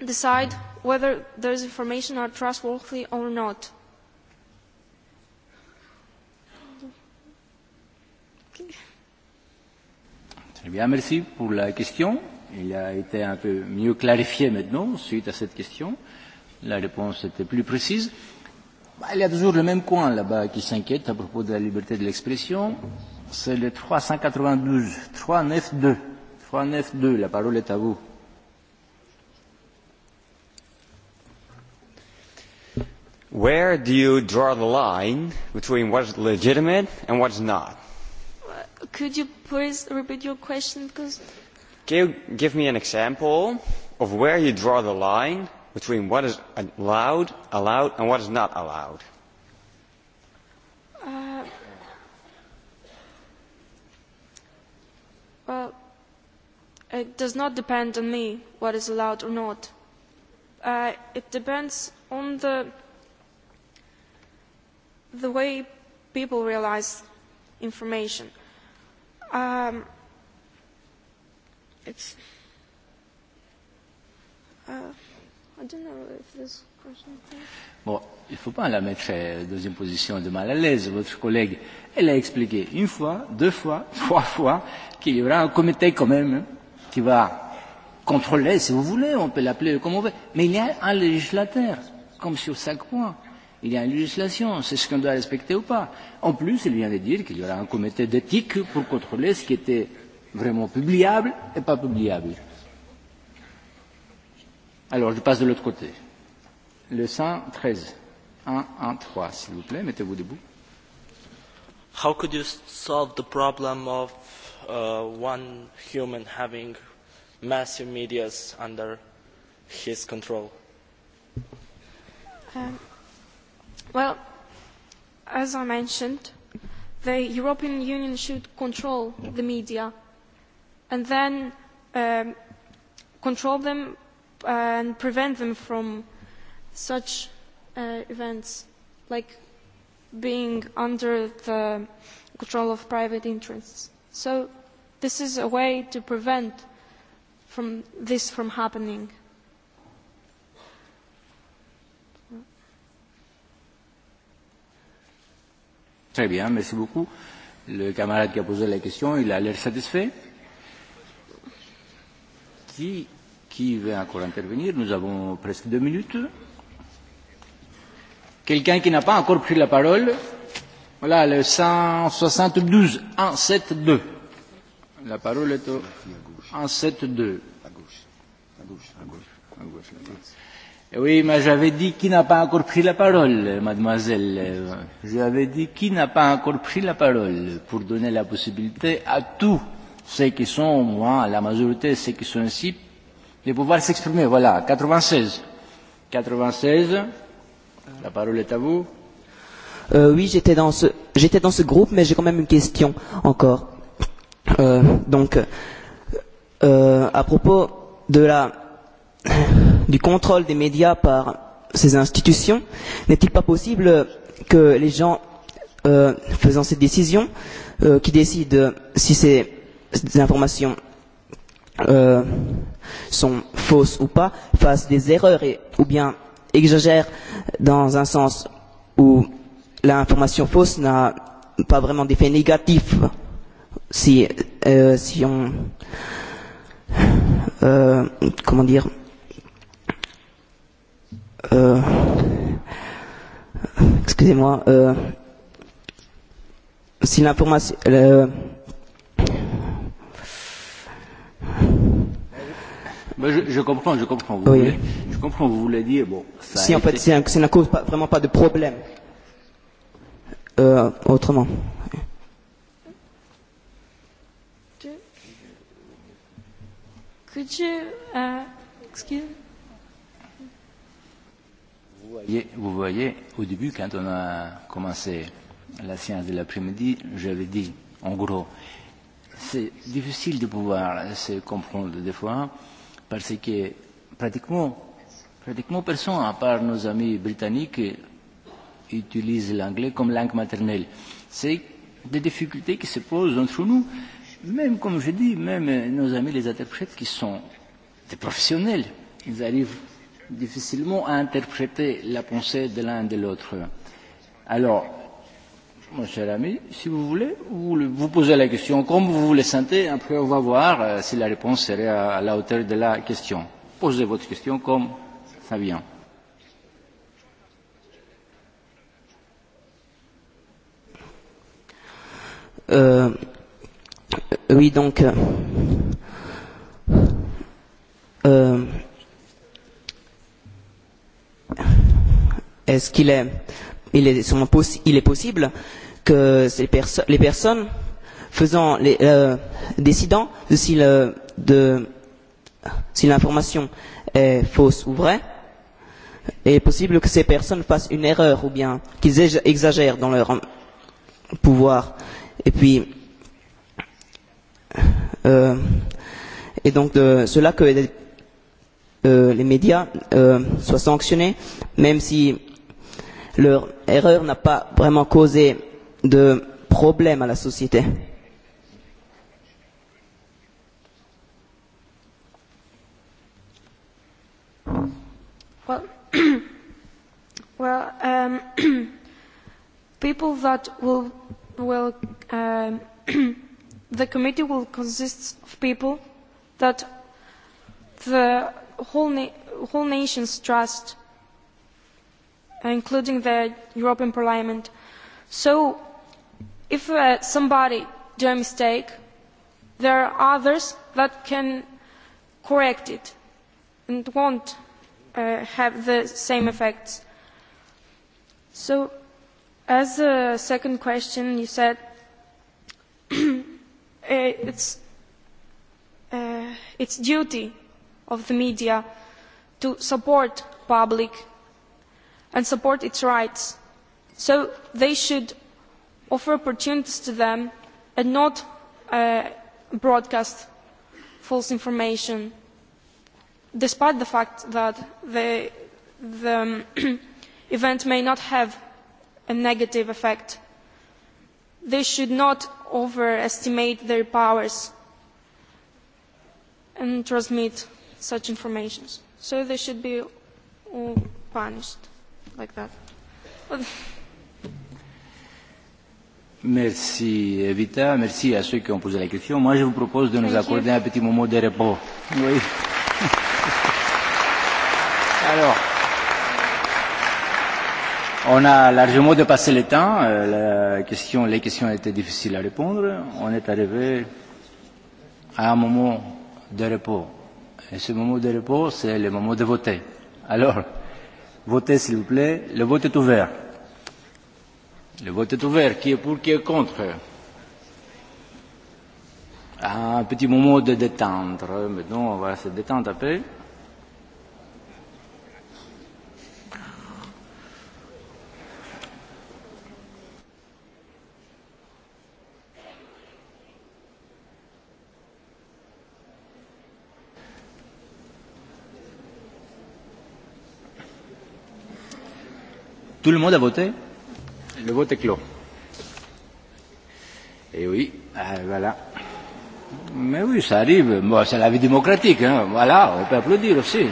decide whether those information are trustworthy or not. Très bien, merci pour la question. Il a été un peu mieux clarifié maintenant suite à cette question. La réponse était plus précise. Bah, il y a toujours le même coin là-bas qui s'inquiète à propos de la liberté de l'expression. C'est le 392, 392. 392, la parole est à vous. where do you draw the line between what's legitimate and what's not? Uh, could you please repeat your question? Cause... Can you give me an example of where you draw the line between what is allowed, allowed, and what is not allowed? Uh, well, it does not depend on me what is allowed or not. Uh, it depends on the the way people realize information. Um, it's. Uh, I don't know if this question. Bon, il ne faut pas la mettre euh, dans une position de mal à l'aise. Votre collègue, elle a expliqué une fois, deux fois, trois fois qu'il y aura un comité quand même hein, qui va contrôler, si vous voulez, on peut l'appeler comme on veut. Mais il y a un législateur, comme sur chaque point. Il y a une législation, c'est ce qu'on doit respecter ou pas. En plus, il vient de dire qu'il y aura un comité d'éthique pour contrôler ce qui était vraiment publiable et pas publiable. Alors, je passe de l'autre côté. Le 113. 1, 1, 3, s'il vous plaît, mettez-vous debout. How could you solve the problem of uh, one human having massive medias under his control? Um, Well, as I mentioned, the European Union should control the media and then um, control them uh, and prevent them from such uh, events like being under the control of private interests. So this is a way to prevent from this from happening. Très bien, merci beaucoup. Le camarade qui a posé la question, il a l'air satisfait. Qui, qui veut encore intervenir Nous avons presque deux minutes. Quelqu'un qui n'a pas encore pris la parole Voilà, le 172, 172. La parole est au 172. Eh oui, mais j'avais dit qui n'a pas encore pris la parole, mademoiselle. J'avais dit qui n'a pas encore pris la parole pour donner la possibilité à tous ceux qui sont, moi, la majorité, ceux qui sont ici, de pouvoir s'exprimer. Voilà, 96. 96, la parole est à vous. Euh, oui, j'étais dans, ce, j'étais dans ce groupe, mais j'ai quand même une question encore. Euh, donc, euh, à propos de la, du contrôle des médias par ces institutions, n'est-il pas possible que les gens euh, faisant ces décisions, euh, qui décident si ces, ces informations euh, sont fausses ou pas, fassent des erreurs et, ou bien exagèrent dans un sens où l'information fausse n'a pas vraiment d'effet négatif si, euh, si on euh, comment dire, euh, excusez-moi, euh, si l'information, euh, je, je comprends, je comprends. Vous oui. voulez, je comprends, vous voulez dire. Bon, ça si, en fait, c'est un, ça ne cause pas, vraiment pas de problème. Euh, autrement. Could you, uh, excuse vous voyez, vous voyez, au début, quand on a commencé la science de l'après-midi, j'avais dit, en gros, c'est difficile de pouvoir se comprendre des fois, parce que pratiquement, pratiquement personne, à part nos amis britanniques, utilise l'anglais comme langue maternelle. C'est des difficultés qui se posent entre nous même, comme je dis, même euh, nos amis les interprètes qui sont des professionnels, ils arrivent difficilement à interpréter la pensée de l'un de l'autre. Alors, mon cher ami, si vous voulez, vous, vous posez la question comme vous le sentez, après on va voir euh, si la réponse serait à, à la hauteur de la question. Posez votre question comme ça vient. Euh, Euh, oui, donc. Euh, euh, Est-ce qu'il est, il est, sûrement possi il est possible que ces perso les personnes faisant les, euh, décidant de si le, de si l'information est fausse ou vraie, est possible que ces personnes fassent une erreur ou bien qu'ils exagèrent dans leur pouvoir. Et puis, Euh, et donc de cela que les, euh, les médias euh, soient sanctionnés, même si leur erreur n'a pas vraiment causé de problème à la société. Well, well um, people that will, will um, the committee will consist of people that the whole, na whole nations trust, uh, including the European Parliament. So if uh, somebody does a mistake, there are others that can correct it and won't uh, have the same effects. So as a second question, you said Eh, it's, uh, it's duty of the media to support public and support its rights. So they should offer opportunities to them and not uh, broadcast false information, despite the fact that the, the um, event may not have a negative effect. They should not overestimate their powers and transmit such information. So they should be uh, punished like that. Merci Evita, merci à ceux qui ont posé la question. Moi je vous propose de nous Thank accorder you. un petit moment de repos. Oui. Alors. On a largement dépassé le temps. Euh, la question, les questions étaient difficiles à répondre. On est arrivé à un moment de repos. Et ce moment de repos, c'est le moment de voter. Alors, votez s'il vous plaît. Le vote est ouvert. Le vote est ouvert. Qui est pour, qui est contre Un petit moment de détendre. Maintenant, on va se détendre un peu. Tout le monde a voté Le vote est clos. Et eh oui, euh, voilà. Mais oui, ça arrive. Bon, c'est la vie démocratique. Hein. Voilà, on peut applaudir aussi.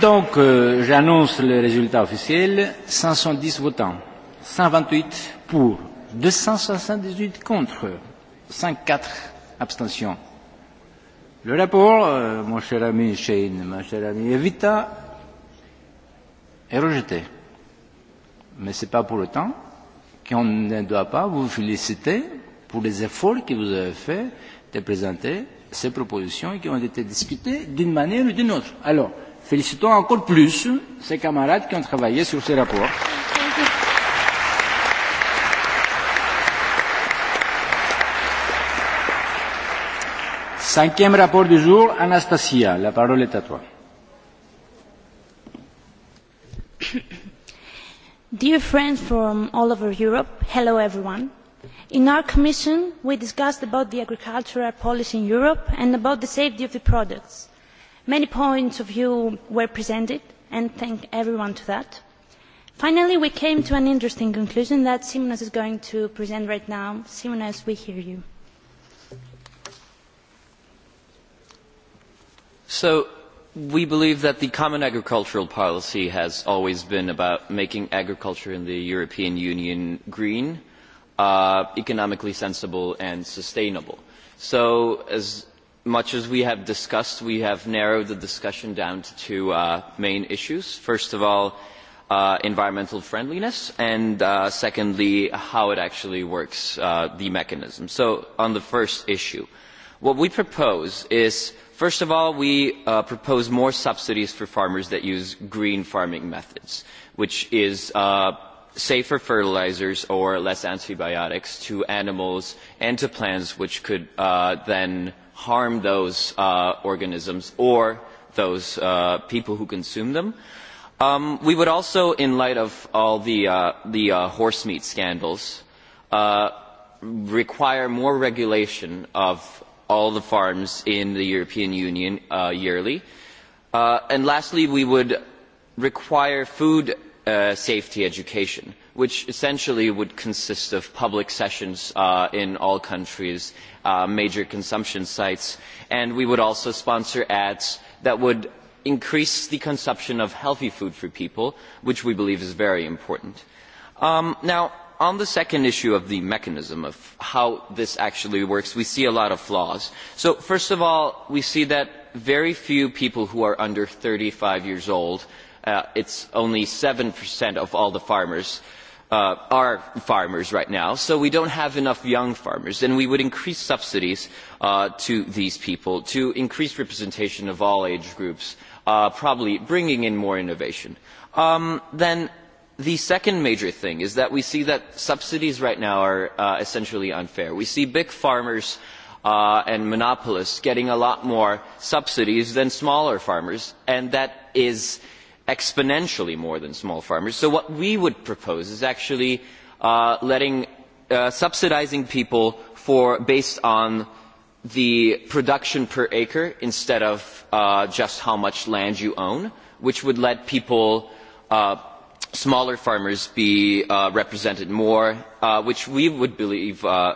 Donc, euh, j'annonce le résultat officiel. 510 votants, 128 pour, 278 contre, 54 abstentions. Le rapport, euh, mon cher ami Shane, ma chère amie Evita, est rejeté. Mais ce n'est pas pour autant qu'on ne doit pas vous féliciter pour les efforts que vous avez faits de présenter ces propositions qui ont été discutées d'une manière ou d'une autre. Alors, félicitons encore plus ces camarades qui ont travaillé sur ce rapport. Merci. Cinquième rapport du jour, Anastasia, la parole est à toi. Dear friends from all over Europe, hello everyone. In our commission, we discussed about the agricultural policy in Europe and about the safety of the products. Many points of view were presented, and thank everyone to that. Finally, we came to an interesting conclusion that Simonas is going to present right now. Simonas, we hear you. So we believe that the common agricultural policy has always been about making agriculture in the European Union green, uh, economically sensible and sustainable. So as much as we have discussed, we have narrowed the discussion down to two uh, main issues. First of all, uh, environmental friendliness, and uh, secondly, how it actually works, uh, the mechanism. So on the first issue, What we propose is, first of all, we uh, propose more subsidies for farmers that use green farming methods, which is uh, safer fertilizers or less antibiotics to animals and to plants, which could uh, then harm those uh, organisms or those uh, people who consume them. Um, we would also, in light of all the, uh, the uh, horse meat scandals, uh, require more regulation of all the farms in the European Union uh, yearly. Uh, and lastly, we would require food uh, safety education, which essentially would consist of public sessions uh, in all countries, uh, major consumption sites, and we would also sponsor ads that would increase the consumption of healthy food for people, which we believe is very important. Um, now, on the second issue of the mechanism of how this actually works, we see a lot of flaws. So first of all, we see that very few people who are under thirty five years old, uh, it's only 7% of all the farmers, uh, are farmers right now. So we don't have enough young farmers, and we would increase subsidies uh, to these people to increase representation of all age groups, uh, probably bringing in more innovation. Um, then The second major thing is that we see that subsidies right now are uh, essentially unfair. We see big farmers uh, and monopolists getting a lot more subsidies than smaller farmers, and that is exponentially more than small farmers. So what we would propose is actually uh, letting, uh, subsidizing people for, based on the production per acre instead of uh, just how much land you own, which would let people uh, smaller farmers be uh, represented more, uh, which we would believe uh,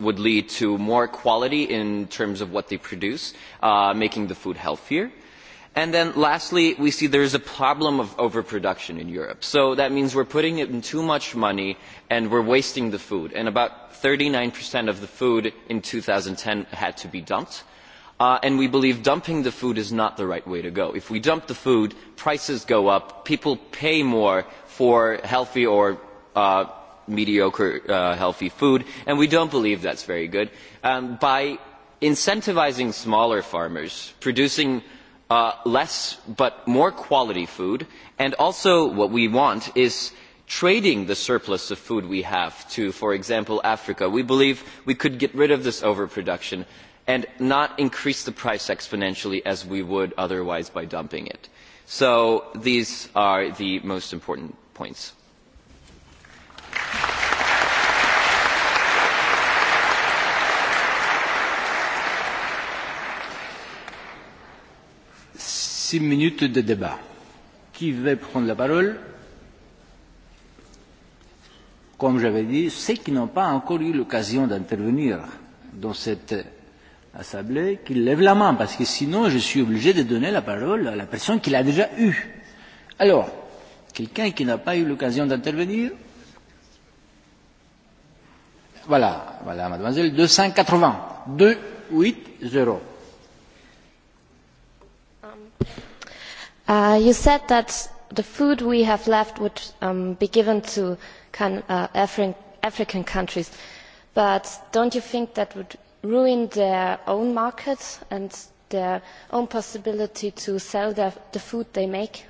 would lead to more quality in terms of what they produce, uh, making the food healthier. And then lastly, we see there is a problem of overproduction in Europe. So that means we're putting in too much money and we're wasting the food. And about 39% of the food in 2010 had to be dumped. Uh, Uh, and we believe dumping the food is not the right way to go. If we dump the food, prices go up, people pay more for healthy or uh, mediocre uh, healthy food, and we don't believe that's very good. Um, by incentivizing smaller farmers, producing uh, less but more quality food, and also what we want is trading the surplus of food we have to, for example, Africa. We believe we could get rid of this overproduction and not increase the price exponentially as we would otherwise by dumping it. So these are the most important points. Six minutes de débat. Qui veut prendre la parole Comme j'avais dit, ceux qui n'ont pas encore eu l'occasion d'intervenir dans cette assemblée qu'il lève la main, parce que sinon je suis obligé de donner la parole à la personne qui l'a déjà eue. Alors, quelqu'un qui n'a pas eu l'occasion d'intervenir Voilà, voilà, mademoiselle, 280, 280. Um, uh, you said that the food we have left would um, be given to can, uh, Afri African countries, but don't you think that would ruin their own market and their own possibility to sell their, the food they make?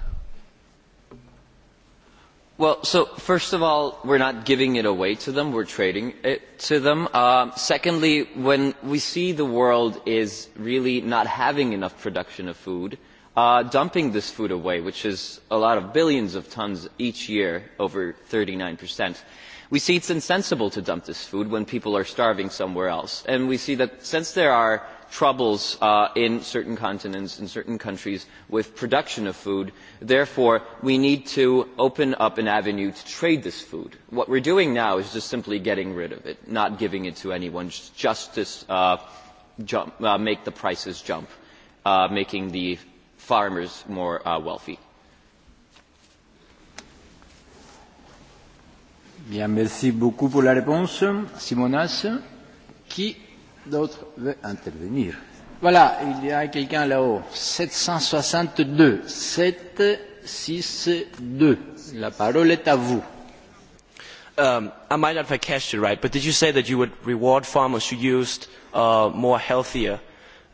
Well, so first of all, we're not giving it away to them, we're trading it to them. Uh, secondly, when we see the world is really not having enough production of food, uh, dumping this food away, which is a lot of billions of tons each year, over 39 percent, We see it's insensible to dump this food when people are starving somewhere else. And we see that since there are troubles uh, in certain continents, in certain countries with production of food, therefore we need to open up an avenue to trade this food. What we're doing now is just simply getting rid of it, not giving it to anyone, just to uh, jump, uh, make the prices jump, uh, making the farmers more uh, wealthy. Bien, merci beaucoup pour la réponse. Simonas, qui d'autre veut intervenir Voilà, il y a quelqu'un là-haut. 762. 762. La parole est à vous. Um, I might not have catched it right, but did you say that you would reward farmers who used uh, more healthier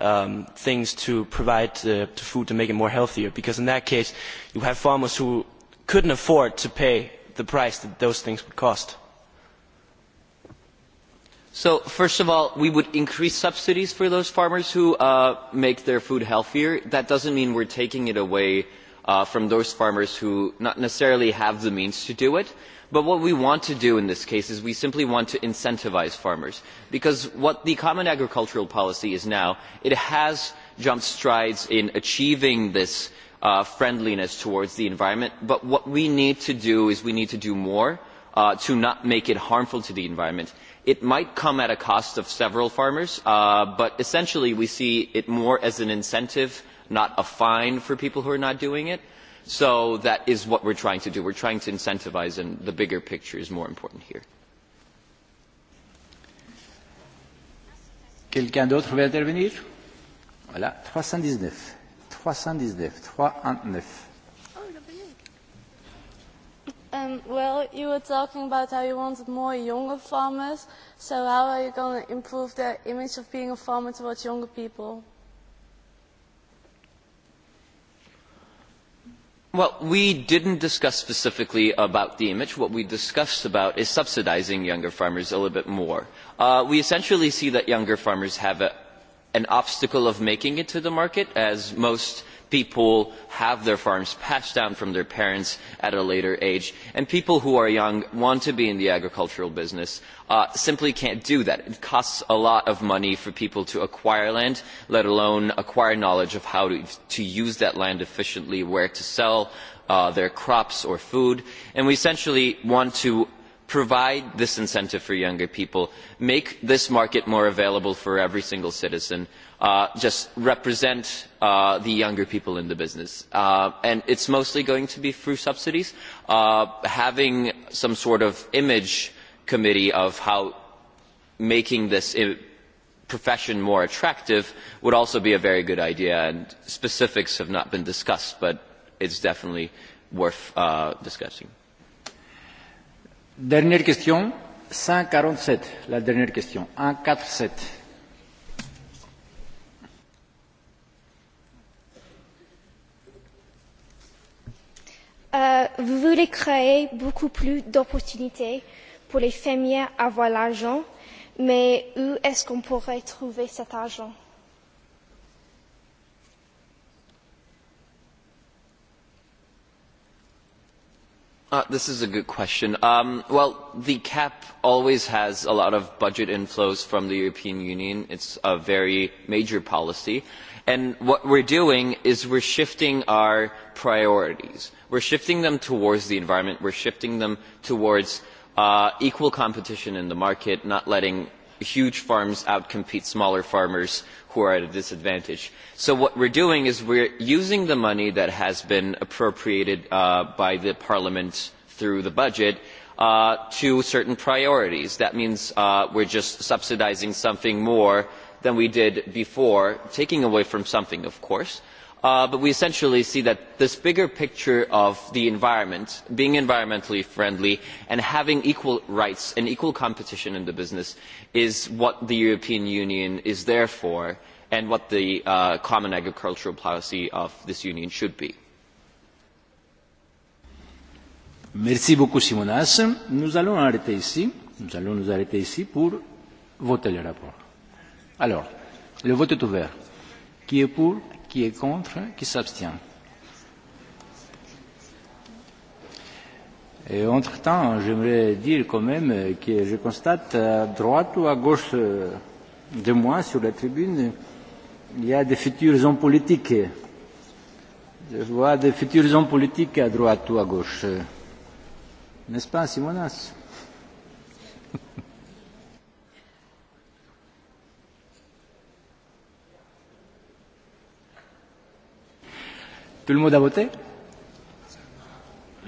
um, things to provide uh, to food to make it more healthier? Because in that case, you have farmers who couldn't afford to pay the price that those things would cost. So first of all, we would increase subsidies for those farmers who uh, make their food healthier. That doesn't mean we're taking it away uh, from those farmers who not necessarily have the means to do it. But what we want to do in this case is we simply want to incentivize farmers. Because what the common agricultural policy is now, it has jumped strides in achieving this uh, friendliness towards the environment. But what we need to do is we need to do more uh, to not make it harmful to the environment. It might come at a cost of several farmers, uh, but essentially we see it more as an incentive, not a fine for people who are not doing it. So that is what we're trying to do. We're trying to incentivize, and the bigger picture is more important here. Quelqu'un d'autre veut intervenir Voilà, 319. 319. 319. Um, well, you were talking about how you wanted more younger farmers. So how are you going to improve the image of being a farmer towards younger people? Well, we didn't discuss specifically about the image. What we discussed about is subsidizing younger farmers a little bit more. Uh, we essentially see that younger farmers have a an obstacle of making it to the market as most people have their farms passed down from their parents at a later age and people who are young want to be in the agricultural business uh, simply can't do that. It costs a lot of money for people to acquire land, let alone acquire knowledge of how to, to use that land efficiently, where to sell uh, their crops or food, and we essentially want to provide this incentive for younger people, make this market more available for every single citizen, uh, just represent uh, the younger people in the business. Uh, and it's mostly going to be through subsidies. Uh, having some sort of image committee of how making this profession more attractive would also be a very good idea, and specifics have not been discussed, but it's definitely worth uh, discussing. Dernière question, 147, la dernière question, 147. Euh, vous voulez créer beaucoup plus d'opportunités pour les familles à avoir l'argent, mais où est-ce qu'on pourrait trouver cet argent Uh, this is a good question. Um, well, the cap always has a lot of budget inflows from the European Union. It's a very major policy. And what we're doing is we're shifting our priorities. We're shifting them towards the environment. We're shifting them towards uh, equal competition in the market, not letting huge farms outcompete smaller farmers who are at a disadvantage. So what we're doing is we're using the money that has been appropriated uh, by the parliament through the budget uh, to certain priorities. That means uh, we're just subsidizing something more than we did before, taking away from something, of course, Uh, but we essentially see that this bigger picture of the environment, being environmentally friendly and having equal rights and equal competition in the business is what the European Union is there for and what the uh, common agricultural policy of this union should be. Merci beaucoup Simonas. Nous allons arrêter ici. Nous allons nous arrêter ici pour voter le rapport. Alors, le vote est ouvert. Qui est pour Qui est contre Qui s'abstient Et entre-temps, j'aimerais dire quand même que je constate à droite ou à gauche de moi, sur la tribune, il y a des futurs hommes politiques. Je vois des futurs hommes politiques à droite ou à gauche. N'est-ce pas, Simonas Tout le monde a voté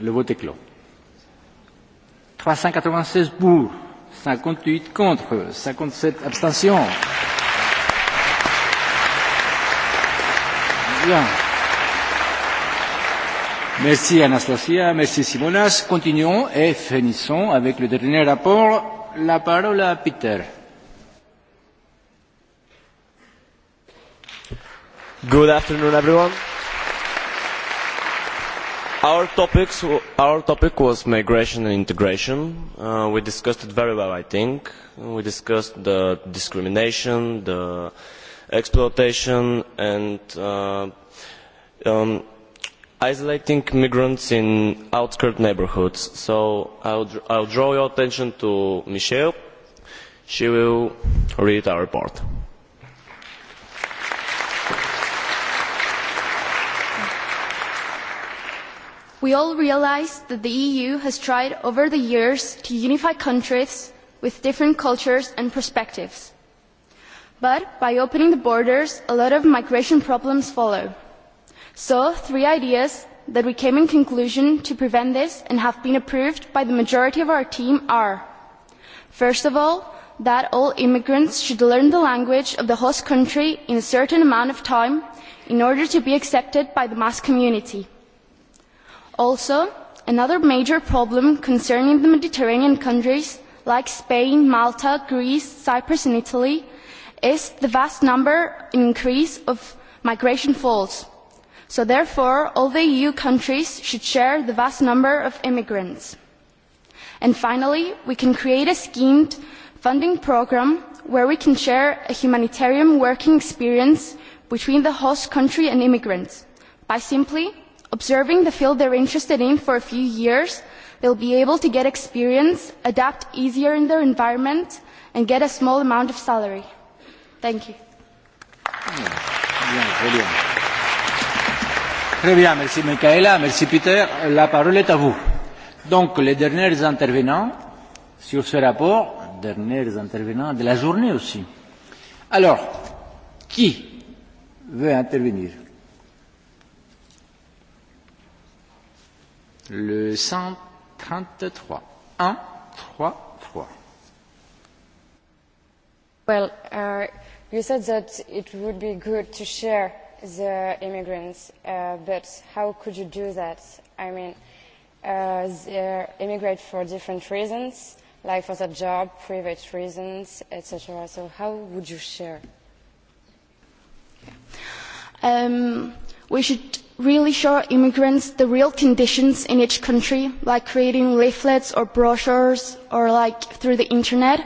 Le vote est clos. 396 pour, 58 contre, 57 abstentions. Bien. Merci Anastasia, merci Simonas. Continuons et finissons avec le dernier rapport. La parole à Peter. Good afternoon everyone. Our, topics, our topic was migration and integration. Uh, we discussed it very well, I think. We discussed the discrimination, the exploitation, and uh, um, isolating migrants in outskirt neighborhoods. So I'll, I'll draw your attention to Michelle. She will read our report. We all realise that the EU has tried over the years to unify countries with different cultures and perspectives. But by opening the borders, a lot of migration problems follow. So, three ideas that we came in conclusion to prevent this and have been approved by the majority of our team are First of all, that all immigrants should learn the language of the host country in a certain amount of time in order to be accepted by the mass community. Also, another major problem concerning the Mediterranean countries like Spain, Malta, Greece, Cyprus and Italy is the vast number and increase of migration falls. So therefore, all the EU countries should share the vast number of immigrants. And finally, we can create a schemed funding programme where we can share a humanitarian working experience between the host country and immigrants by simply observing the field they're interested in for a few years, they'll be able to get experience, adapt easier in their environment, and get a small amount of salary. Thank you. Bien, très Très bien, merci Michaela, merci Peter. La parole est à vous. Donc, les derniers intervenants sur ce rapport, derniers intervenants de la journée aussi. Alors, qui veut intervenir Le 133. 1, trois trois Well, uh, you said that it would be good to share the immigrants, uh, but how could you do that? I mean, uh, they immigrate for different reasons, like for the job, private reasons, etc. So how would you share? Um, we should really show immigrants the real conditions in each country, like creating leaflets or brochures or like through the internet,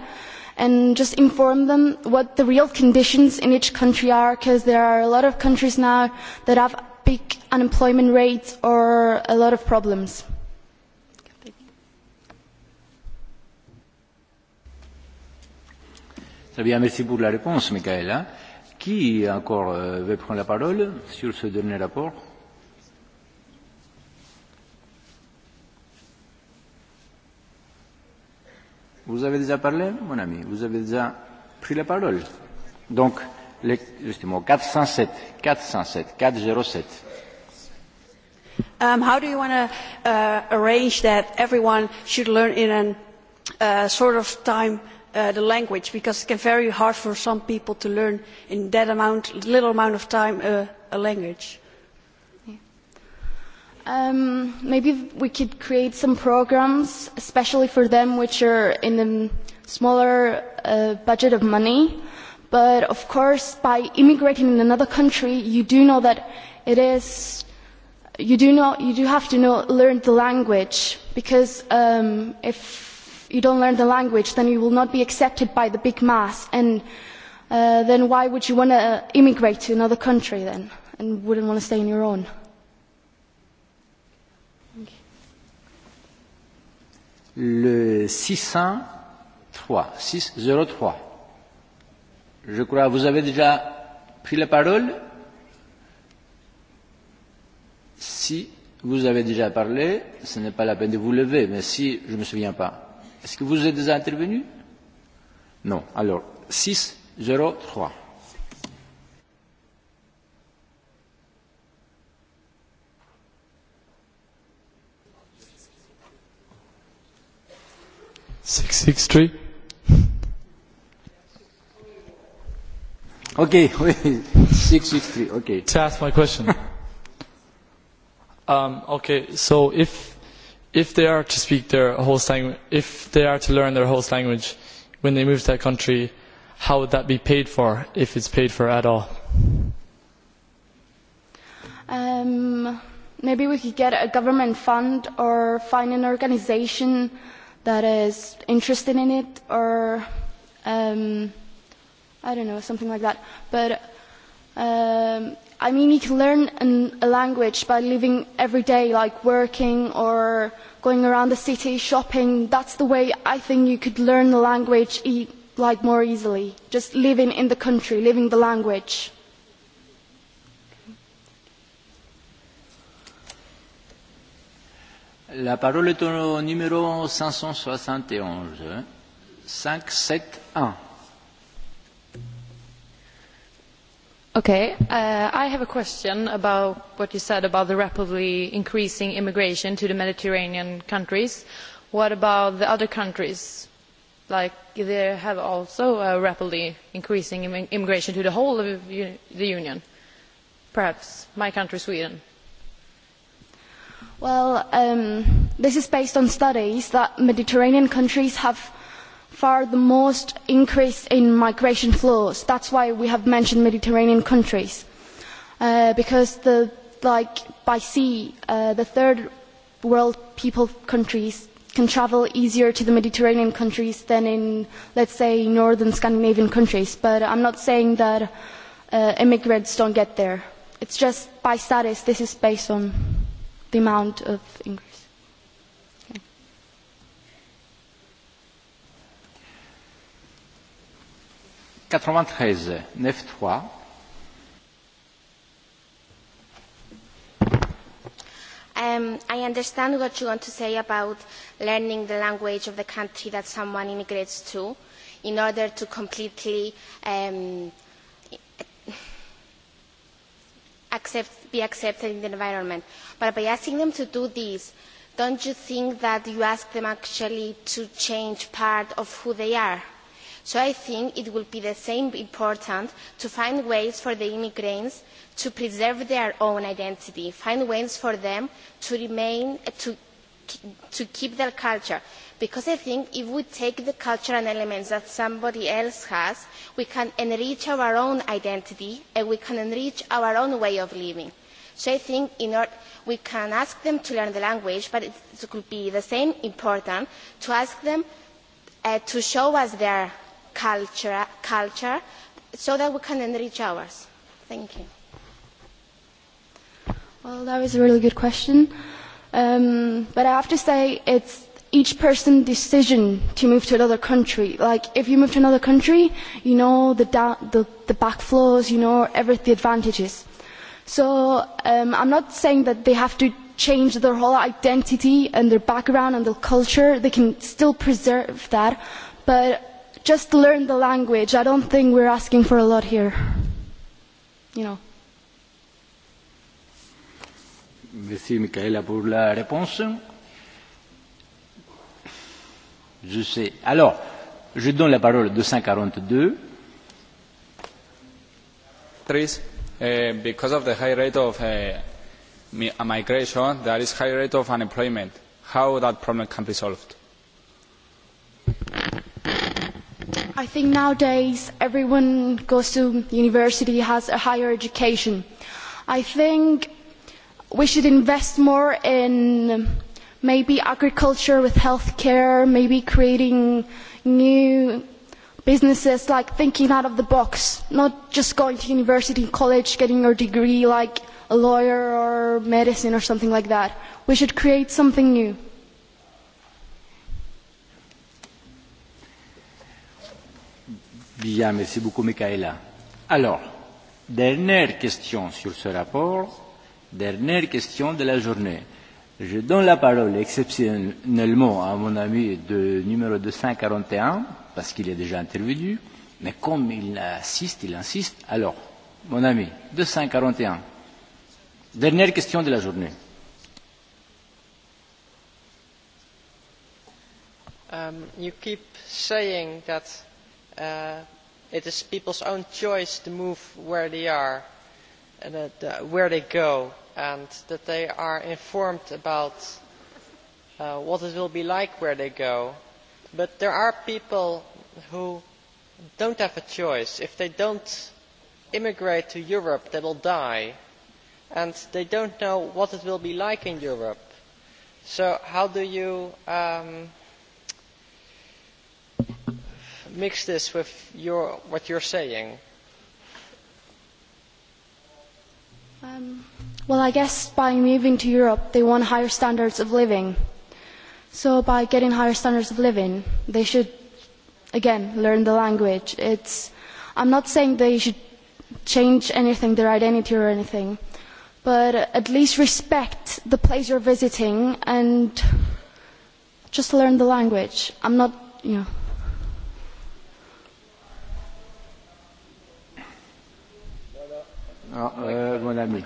and just inform them what the real conditions in each country are, because there are a lot of countries now that have big unemployment rates or a lot of problems. Très bien, merci pour la réponse, Michaela. Qui encore euh, veut prendre la parole sur ce dernier rapport Vous avez déjà parlé, mon ami, vous avez déjà pris la parole. Donc, les, justement, 407, 407, 407. Um, how do you want to uh, arrange that everyone should learn in a uh, sort of time uh, the language? Because it can very hard for some people to learn in that amount, little amount of time uh, a language. Um, maybe we could create some programs, especially for them, which are in a smaller uh, budget of money. But of course, by immigrating in another country, you do know that it is, you do, know, you do have to know, learn the language, because um, if you don't learn the language, then you will not be accepted by the big mass. And uh, then why would you want to immigrate to another country then, and wouldn't want to stay in your own? le 603. 603. Je crois, vous avez déjà pris la parole Si vous avez déjà parlé, ce n'est pas la peine de vous lever, mais si je ne me souviens pas. Est-ce que vous êtes déjà intervenu Non. Alors, 603. 663. Okay, wait, 663, okay. To ask my question. um, okay, so if, if they are to speak their host language, if they are to learn their host language when they move to that country, how would that be paid for, if it's paid for at all? Um, maybe we could get a government fund or find an organization that is interested in it or um, I don't know, something like that. But um, I mean, you can learn an, a language by living every day, like working or going around the city, shopping. That's the way I think you could learn the language e like more easily, just living in the country, living the language. La parole est au numéro 571. 571. Okay, uh, I have a question about what you said about the rapidly increasing immigration to the Mediterranean countries. What about the other countries? Like, they have also a rapidly increasing immigration to the whole of the Union. Perhaps my country, Sweden. Well, um, this is based on studies that Mediterranean countries have far the most increase in migration flows. That's why we have mentioned Mediterranean countries. Uh, because the, like, by sea, uh, the third world people countries can travel easier to the Mediterranean countries than in, let's say, northern Scandinavian countries. But I'm not saying that uh, immigrants don't get there. It's just by status, this is based on the amount of increase. Um, I understand what you want to say about learning the language of the country that someone immigrates to in order to completely um, accept be accepted in the environment. But by asking them to do this, don't you think that you ask them actually to change part of who they are? So I think it will be the same important to find ways for the immigrants to preserve their own identity, find ways for them to remain, to, to keep their culture. Because I think if we take the cultural elements that somebody else has, we can enrich our own identity and we can enrich our own way of living. So I think in order, we can ask them to learn the language, but it, could be the same important to ask them uh, to show us their culture, culture so that we can enrich ours. Thank you. Well, that was a really good question. Um, but I have to say it's each person's decision to move to another country. Like, if you move to another country, you know the, da the, the back flows, you know every, the advantages. So um, I'm not saying that they have to change their whole identity and their background and their culture. They can still preserve that, but just learn the language. I don't think we're asking for a lot here. You know. Merci Michaela pour la réponse. Je sais. Alors, je donne la parole à 242. Tris uh, because of the high rate of uh, uh, migration, there is high rate of unemployment. How that problem can be solved? I think nowadays everyone goes to university, has a higher education. I think we should invest more in maybe agriculture with health care, maybe creating new businesses like thinking out of the box, not just going to university, college, getting your degree like a lawyer or medicine or something like that. We should create something new. Bien, merci beaucoup, Michaela. Alors, dernière question sur ce rapport, dernière question de la journée. Je donne la parole exceptionnellement à mon ami de numéro 241 parce qu'il est déjà intervenu, mais comme il insiste, il insiste, alors, mon ami, 241. Dernière question de la journée. Um, you keep saying that uh, it is people's own choice to move where they are and uh, where they go and that they are informed about uh, what it will be like where they go. But there are people who don't have a choice. If they don't immigrate to Europe, they will die. And they don't know what it will be like in Europe. So how do you um, mix this with your, what you're saying? Um, well, I guess by moving to Europe, they want higher standards of living. So by getting higher standards of living, they should again, learn the language. It's, I'm not saying they should change anything, their identity or anything, but at least respect the place you're visiting and just learn the language. I'm not, you know. Non, euh, mon ami,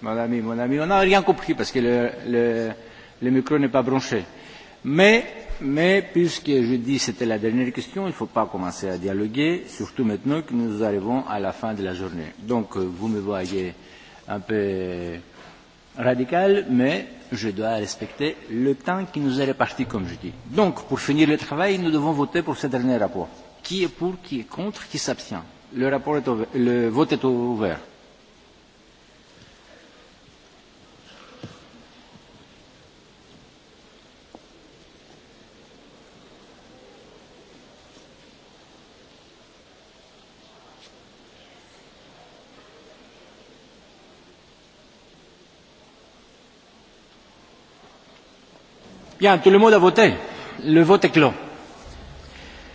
mon ami, mon ami, on n'a rien compris parce que le, le, le micro n'est pas branché. Mais Mais puisque je dis que c'était la dernière question, il ne faut pas commencer à dialoguer, surtout maintenant que nous arrivons à la fin de la journée. Donc euh, vous me voyez un peu radical, mais je dois respecter le temps qui nous est réparti, comme je dis. Donc pour finir le travail, nous devons voter pour ce dernier rapport. Qui est pour, qui est contre, qui s'abstient le, rapport est ouvert, le vote est ouvert. Bien, tout le monde a voté. Le vote est clos.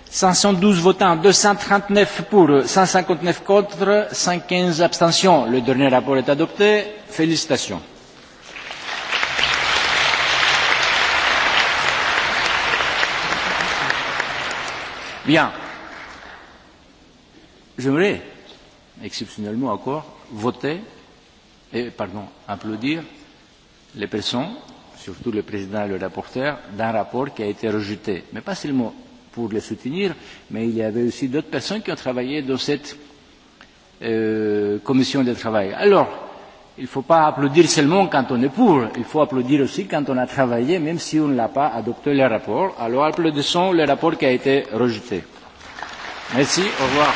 512 votants, 239 pour, 159 contre, 115 abstentions. Le dernier rapport est adopté. Félicitations. Bien. J'aimerais, exceptionnellement encore, voter et, pardon, applaudir les personnes surtout le président et le rapporteur, d'un rapport qui a été rejeté. Mais pas seulement pour le soutenir, mais il y avait aussi d'autres personnes qui ont travaillé dans cette euh, commission de travail. Alors, il ne faut pas applaudir seulement quand on est pour, il faut applaudir aussi quand on a travaillé, même si on n'a pas adopté le rapport. Alors applaudissons le rapport qui a été rejeté. Merci, au revoir.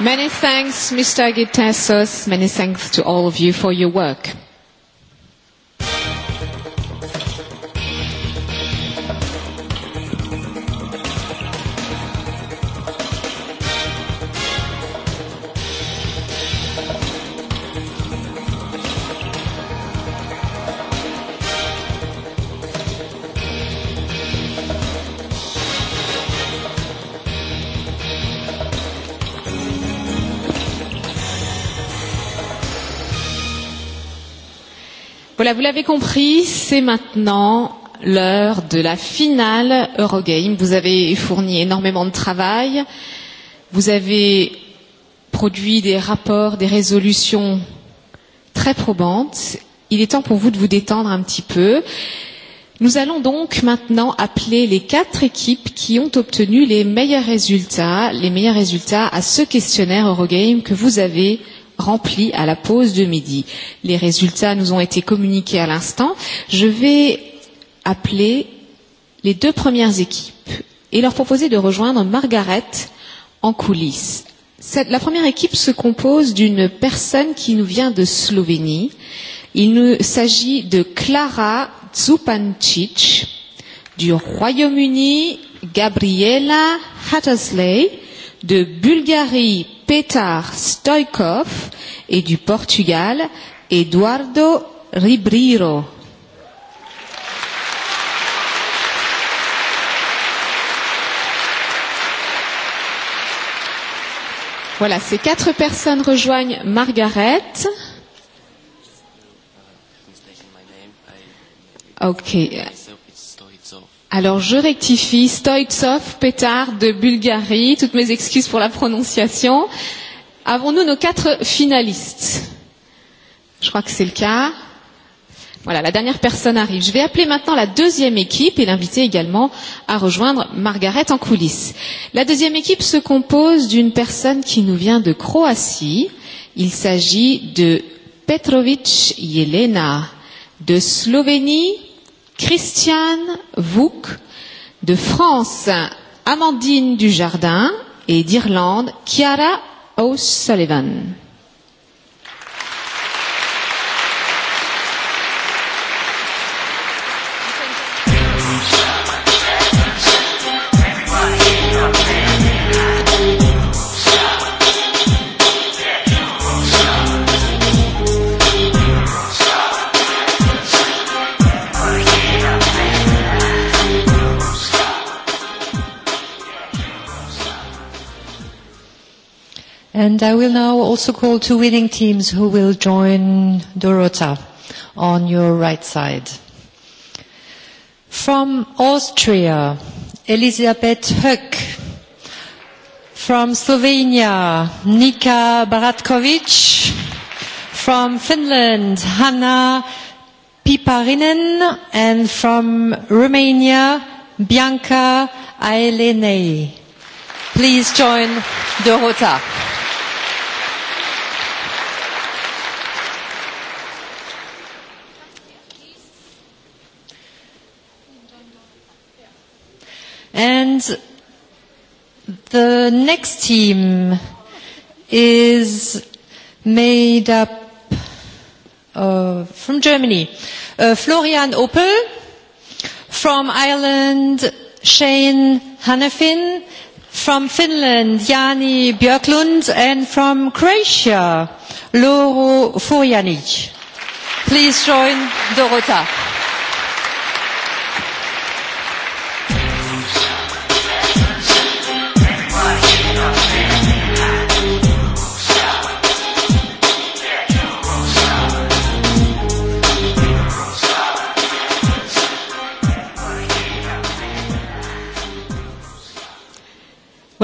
Many thanks, Mr. Gitessos. Many thanks to all of you for your work. Voilà, vous l'avez compris, c'est maintenant l'heure de la finale Eurogame. Vous avez fourni énormément de travail. Vous avez produit des rapports, des résolutions très probantes. Il est temps pour vous de vous détendre un petit peu. Nous allons donc maintenant appeler les quatre équipes qui ont obtenu les meilleurs résultats, les meilleurs résultats à ce questionnaire Eurogame que vous avez remplie à la pause de midi. Les résultats nous ont été communiqués à l'instant. Je vais appeler les deux premières équipes et leur proposer de rejoindre Margaret en coulisses. Cette, la première équipe se compose d'une personne qui nous vient de Slovénie. Il s'agit de Clara Zupancic, du Royaume-Uni, Gabriela Hattersley, de Bulgarie Petar Stoikov et du Portugal Eduardo Ribeiro. Voilà, ces quatre personnes rejoignent Margaret. Ok. Alors je rectifie Stoitsov, Pétard de Bulgarie, toutes mes excuses pour la prononciation. Avons-nous nos quatre finalistes Je crois que c'est le cas. Voilà, la dernière personne arrive. Je vais appeler maintenant la deuxième équipe et l'inviter également à rejoindre Margaret en coulisses. La deuxième équipe se compose d'une personne qui nous vient de Croatie. Il s'agit de Petrovic Jelena, de Slovénie, Christiane Vouk de France, Amandine Dujardin et d'Irlande, Chiara O'Sullivan. And I will now also call two winning teams who will join Dorota on your right side. From Austria, Elisabeth Höck. From Slovenia, Nika Baratkovic. From Finland, Hanna Piparinen. And from Romania, Bianca Ailenei. Please join Dorota. And the next team is made up uh, from Germany. Uh, Florian Opel, from Ireland, Shane Hanefin, from Finland, Jani Björklund, and from Croatia, Loro Furjanic. Please join Dorota.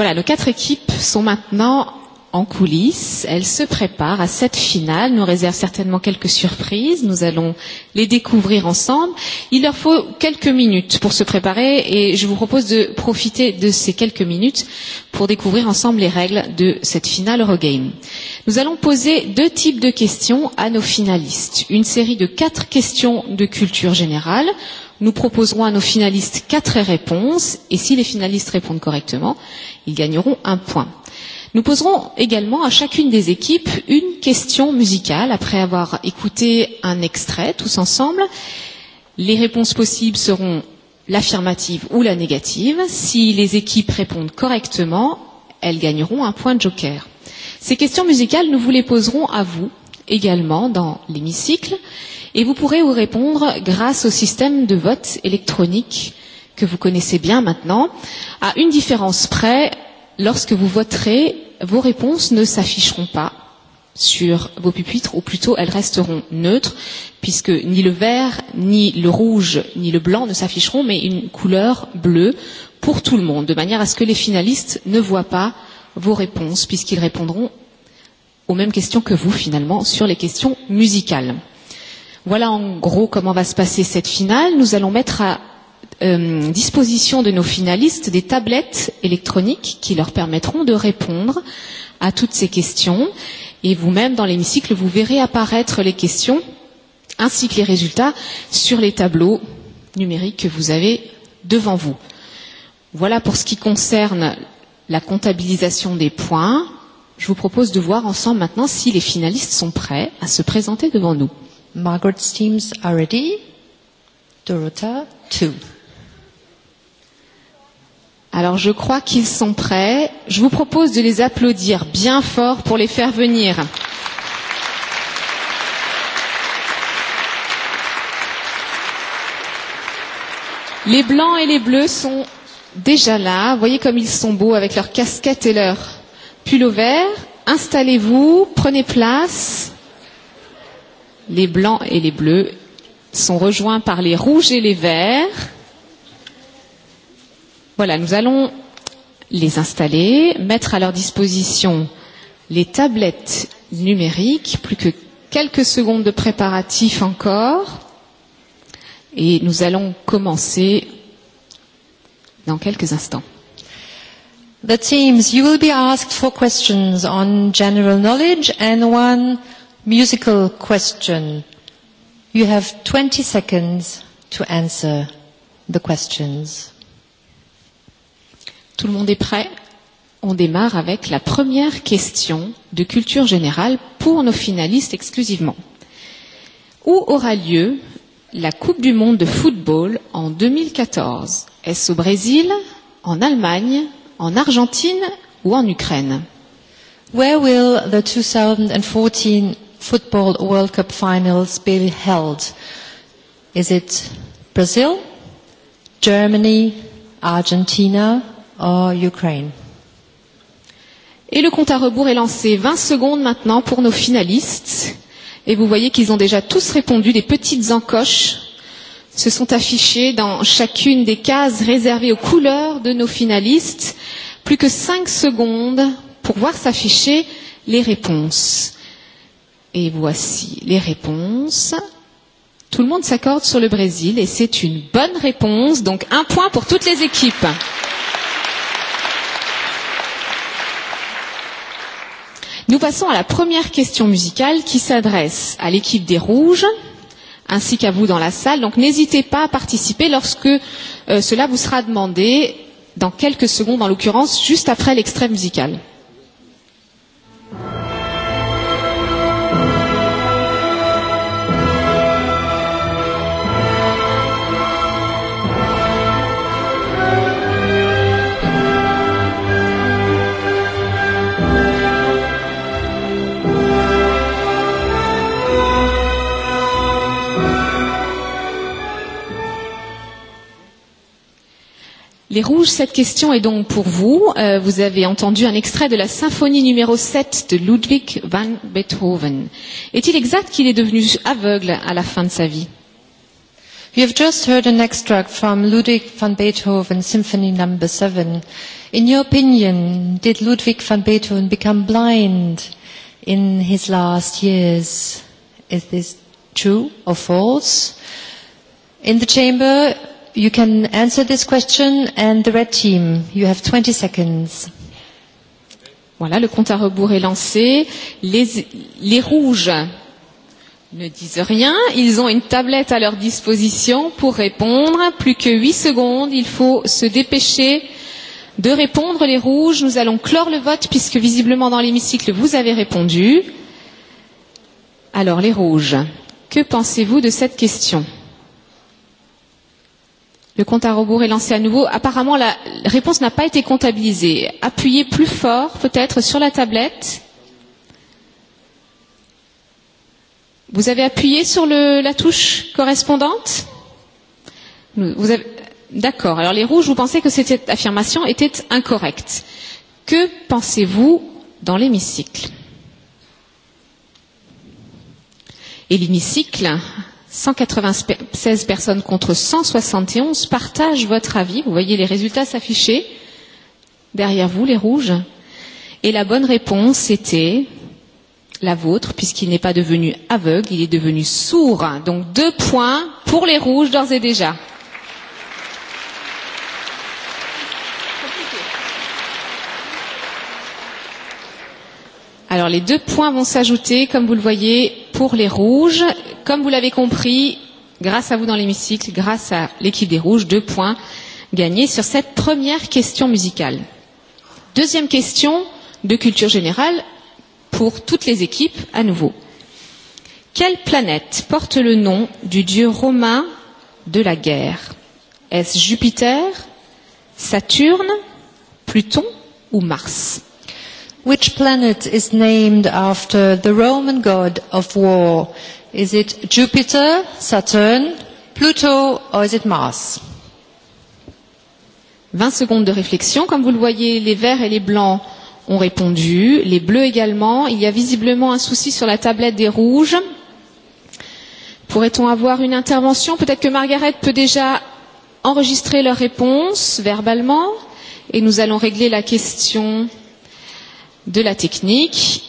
Voilà, nos quatre équipes sont maintenant en coulisses. Elles se préparent à cette finale, nous réservent certainement quelques surprises. Nous allons les découvrir ensemble. Il leur faut quelques minutes pour se préparer et je vous propose de profiter de ces quelques minutes pour découvrir ensemble les règles de cette finale Eurogame. Nous allons poser deux types de questions à nos finalistes. Une série de quatre questions de culture générale Nous proposerons à nos finalistes quatre réponses et si les finalistes répondent correctement, ils gagneront un point. Nous poserons également à chacune des équipes une question musicale après avoir écouté un extrait tous ensemble. Les réponses possibles seront l'affirmative ou la négative. Si les équipes répondent correctement, elles gagneront un point de joker. Ces questions musicales, nous vous les poserons à vous également dans l'hémicycle. Et vous pourrez vous répondre grâce au système de vote électronique que vous connaissez bien maintenant. À une différence près, lorsque vous voterez, vos réponses ne s'afficheront pas sur vos pupitres, ou plutôt elles resteront neutres, puisque ni le vert, ni le rouge, ni le blanc ne s'afficheront, mais une couleur bleue pour tout le monde, de manière à ce que les finalistes ne voient pas vos réponses, puisqu'ils répondront aux mêmes questions que vous, finalement, sur les questions musicales. Voilà en gros comment va se passer cette finale. Nous allons mettre à euh, disposition de nos finalistes des tablettes électroniques qui leur permettront de répondre à toutes ces questions. Et vous-même, dans l'hémicycle, vous verrez apparaître les questions ainsi que les résultats sur les tableaux numériques que vous avez devant vous. Voilà pour ce qui concerne la comptabilisation des points. Je vous propose de voir ensemble maintenant si les finalistes sont prêts à se présenter devant nous. Margaret's teams are ready. Dorota, two. Alors je crois qu'ils sont prêts. Je vous propose de les applaudir bien fort pour les faire venir. Les blancs et les bleus sont déjà là. Voyez comme ils sont beaux avec leurs casquettes et leurs pulls au vert. Installez-vous, prenez place les blancs et les bleus sont rejoints par les rouges et les verts. Voilà, nous allons les installer, mettre à leur disposition les tablettes numériques, plus que quelques secondes de préparatif encore, et nous allons commencer dans quelques instants. The teams, you will be asked for questions on general knowledge and one musical question. You have 20 seconds to answer the questions. Tout le monde est prêt On démarre avec la première question de culture générale pour nos finalistes exclusivement. Où aura lieu la Coupe du Monde de football en 2014 Est-ce au Brésil, en Allemagne, en Argentine ou en Ukraine Where will the 2014 Football World Cup finals be held? Is it Brazil, Germany, Argentina or Ukraine? Et le compte à rebours est lancé 20 secondes maintenant pour nos finalistes. Et vous voyez qu'ils ont déjà tous répondu des petites encoches se sont affichées dans chacune des cases réservées aux couleurs de nos finalistes. Plus que 5 secondes pour voir s'afficher les réponses. Et voici les réponses. Tout le monde s'accorde sur le Brésil et c'est une bonne réponse, donc un point pour toutes les équipes. Nous passons à la première question musicale qui s'adresse à l'équipe des Rouges ainsi qu'à vous dans la salle. Donc n'hésitez pas à participer lorsque euh, cela vous sera demandé dans quelques secondes, en l'occurrence juste après l'extrait musical. Les Rouges, cette question est donc pour vous. Euh, vous avez entendu un extrait de la symphonie numéro 7 de Ludwig van Beethoven. Est-il exact qu'il est devenu aveugle à la fin de sa vie You have just heard an extract from Ludwig van Beethoven Symphony No. 7. In your opinion, did Ludwig van Beethoven become blind in his last years? Is this true or false? In the chamber, you can answer this question and the red team, you have 20 seconds. Voilà, le compte à rebours est lancé. Les, les rouges ne disent rien. Ils ont une tablette à leur disposition pour répondre. Plus que 8 secondes. Il faut se dépêcher de répondre. Les rouges, nous allons clore le vote puisque visiblement dans l'hémicycle, vous avez répondu. Alors, les rouges, que pensez-vous de cette question Le compte à rebours est lancé à nouveau. Apparemment, la réponse n'a pas été comptabilisée. Appuyez plus fort, peut-être, sur la tablette. Vous avez appuyé sur le, la touche correspondante Vous avez... D'accord. Alors, les rouges, vous pensez que cette affirmation était incorrecte. Que pensez-vous dans l'hémicycle Et l'hémicycle 196 personnes contre 171 partagent votre avis. Vous voyez les résultats s'afficher derrière vous, les rouges. Et la bonne réponse était la vôtre, puisqu'il n'est pas devenu aveugle, il est devenu sourd. Donc deux points pour les rouges d'ores et déjà. Alors les deux points vont s'ajouter, comme vous le voyez, pour les rouges. Comme vous l'avez compris, grâce à vous dans l'hémicycle, grâce à l'équipe des rouges, deux points gagnés sur cette première question musicale. Deuxième question de culture générale pour toutes les équipes à nouveau. Quelle planète porte le nom du dieu romain de la guerre Est-ce Jupiter, Saturne, Pluton ou Mars Which planet is named after the Roman god of war? Is it Jupiter, Saturn, Pluto or is it Mars? 20 secondes de réflexion. Comme vous le voyez, les verts et les blancs ont répondu, les bleus également. Il y a visiblement un souci sur la tablette des rouges. Pourrait-on avoir une intervention Peut-être que Margaret peut déjà enregistrer leur réponse verbalement et nous allons régler la question de la technique.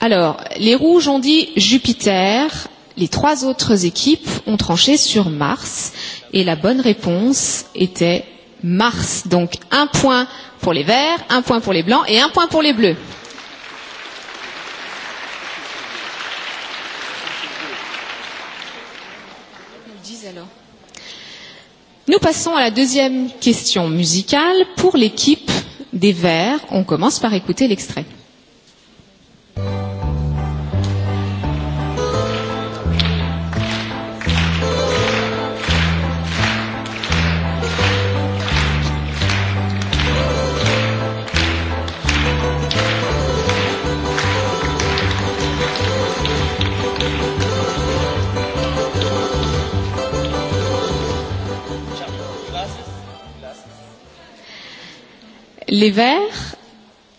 Alors, les rouges ont dit Jupiter, les trois autres équipes ont tranché sur Mars et la bonne réponse était Mars. Donc un point pour les verts, un point pour les blancs et un point pour les bleus. Nous passons à la deuxième question musicale pour l'équipe des Verts. On commence par écouter l'extrait. Les Verts,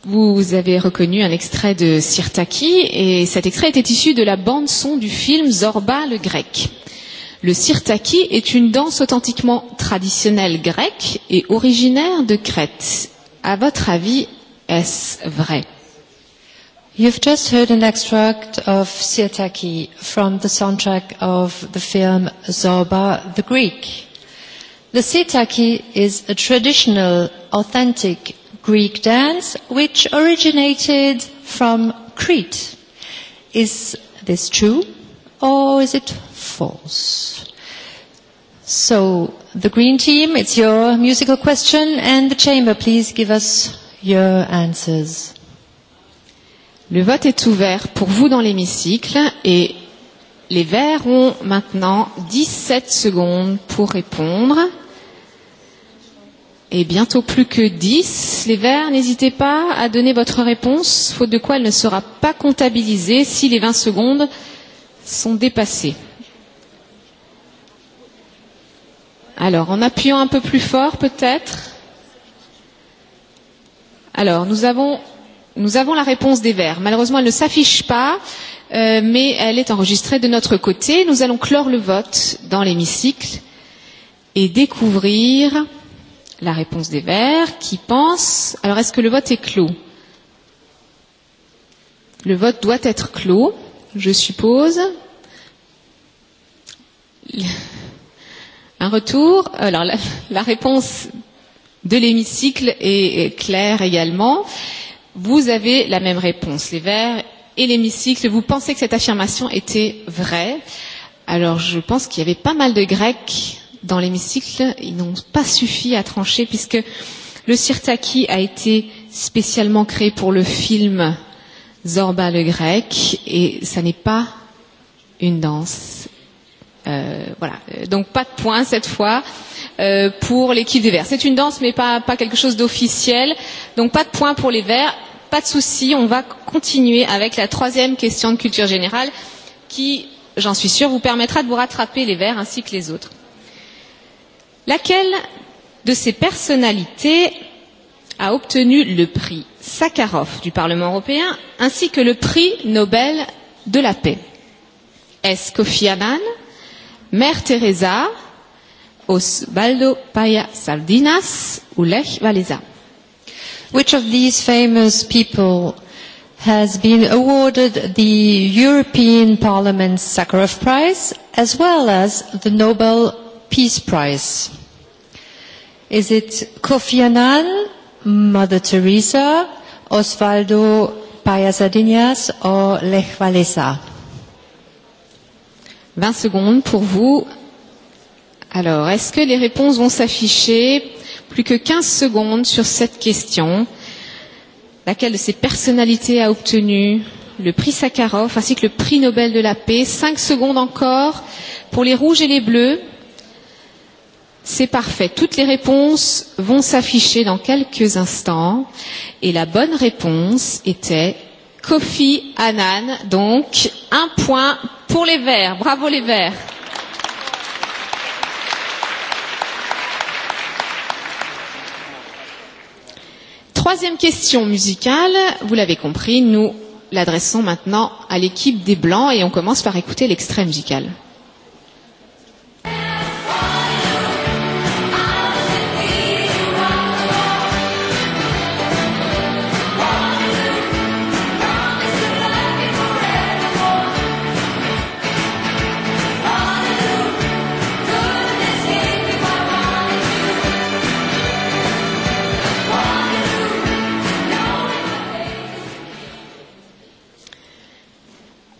vous avez reconnu un extrait de Sirtaki et cet extrait était issu de la bande son du film Zorba le grec. Le Sirtaki est une danse authentiquement traditionnelle grecque et originaire de Crète. À votre avis, est-ce vrai? You've just heard an extract of Sirtaki from the soundtrack of the film Zorba the Greek. The Sirtaki is a traditional, authentic Greek dance, which originated from Crete. Is this true or is it false? So, the green team, it's your musical question, and the chamber, please give us your answers. Le vote est ouvert pour vous dans l'hémicycle et les verts ont maintenant 17 secondes pour répondre. Et bientôt plus que 10. Les verts, n'hésitez pas à donner votre réponse, faute de quoi elle ne sera pas comptabilisée si les 20 secondes sont dépassées. Alors, en appuyant un peu plus fort, peut-être. Alors, nous avons, nous avons la réponse des verts. Malheureusement, elle ne s'affiche pas, euh, mais elle est enregistrée de notre côté. Nous allons clore le vote dans l'hémicycle et découvrir la réponse des Verts, qui pense. Alors, est-ce que le vote est clos Le vote doit être clos, je suppose. Un retour. Alors, la, la réponse de l'hémicycle est, est claire également. Vous avez la même réponse, les Verts et l'hémicycle. Vous pensez que cette affirmation était vraie. Alors, je pense qu'il y avait pas mal de Grecs dans l'hémicycle, ils n'ont pas suffi à trancher puisque le Sirtaki a été spécialement créé pour le film Zorba le grec et ça n'est pas une danse. Euh, voilà, donc pas de points cette fois euh, pour l'équipe des Verts. C'est une danse mais pas, pas quelque chose d'officiel, donc pas de points pour les Verts. Pas de souci, on va continuer avec la troisième question de culture générale qui, j'en suis sûre, vous permettra de vous rattraper les Verts ainsi que les autres. Laquelle de ces personnalités a obtenu le prix Sakharov du Parlement européen ainsi que le prix Nobel de la paix Est-ce Kofi Annan, Mère Teresa, Osvaldo Paya Sardinas ou Lech Walesa Which of these famous people has been awarded the European Parliament's Sakharov Prize as well as the Nobel Peace Prize? Is it Kofi Annan, Mother Teresa, Osvaldo Payasadinas or Lech Walesa? 20 secondes pour vous. Alors, est-ce que les réponses vont s'afficher Plus que 15 secondes sur cette question. Laquelle de ces personnalités a obtenu le prix Sakharov ainsi que le prix Nobel de la paix 5 secondes encore pour les rouges et les bleus. C'est parfait. Toutes les réponses vont s'afficher dans quelques instants. Et la bonne réponse était Kofi Annan. Donc, un point pour les Verts. Bravo les Verts. Troisième question musicale. Vous l'avez compris, nous l'adressons maintenant à l'équipe des Blancs et on commence par écouter l'extrait musical.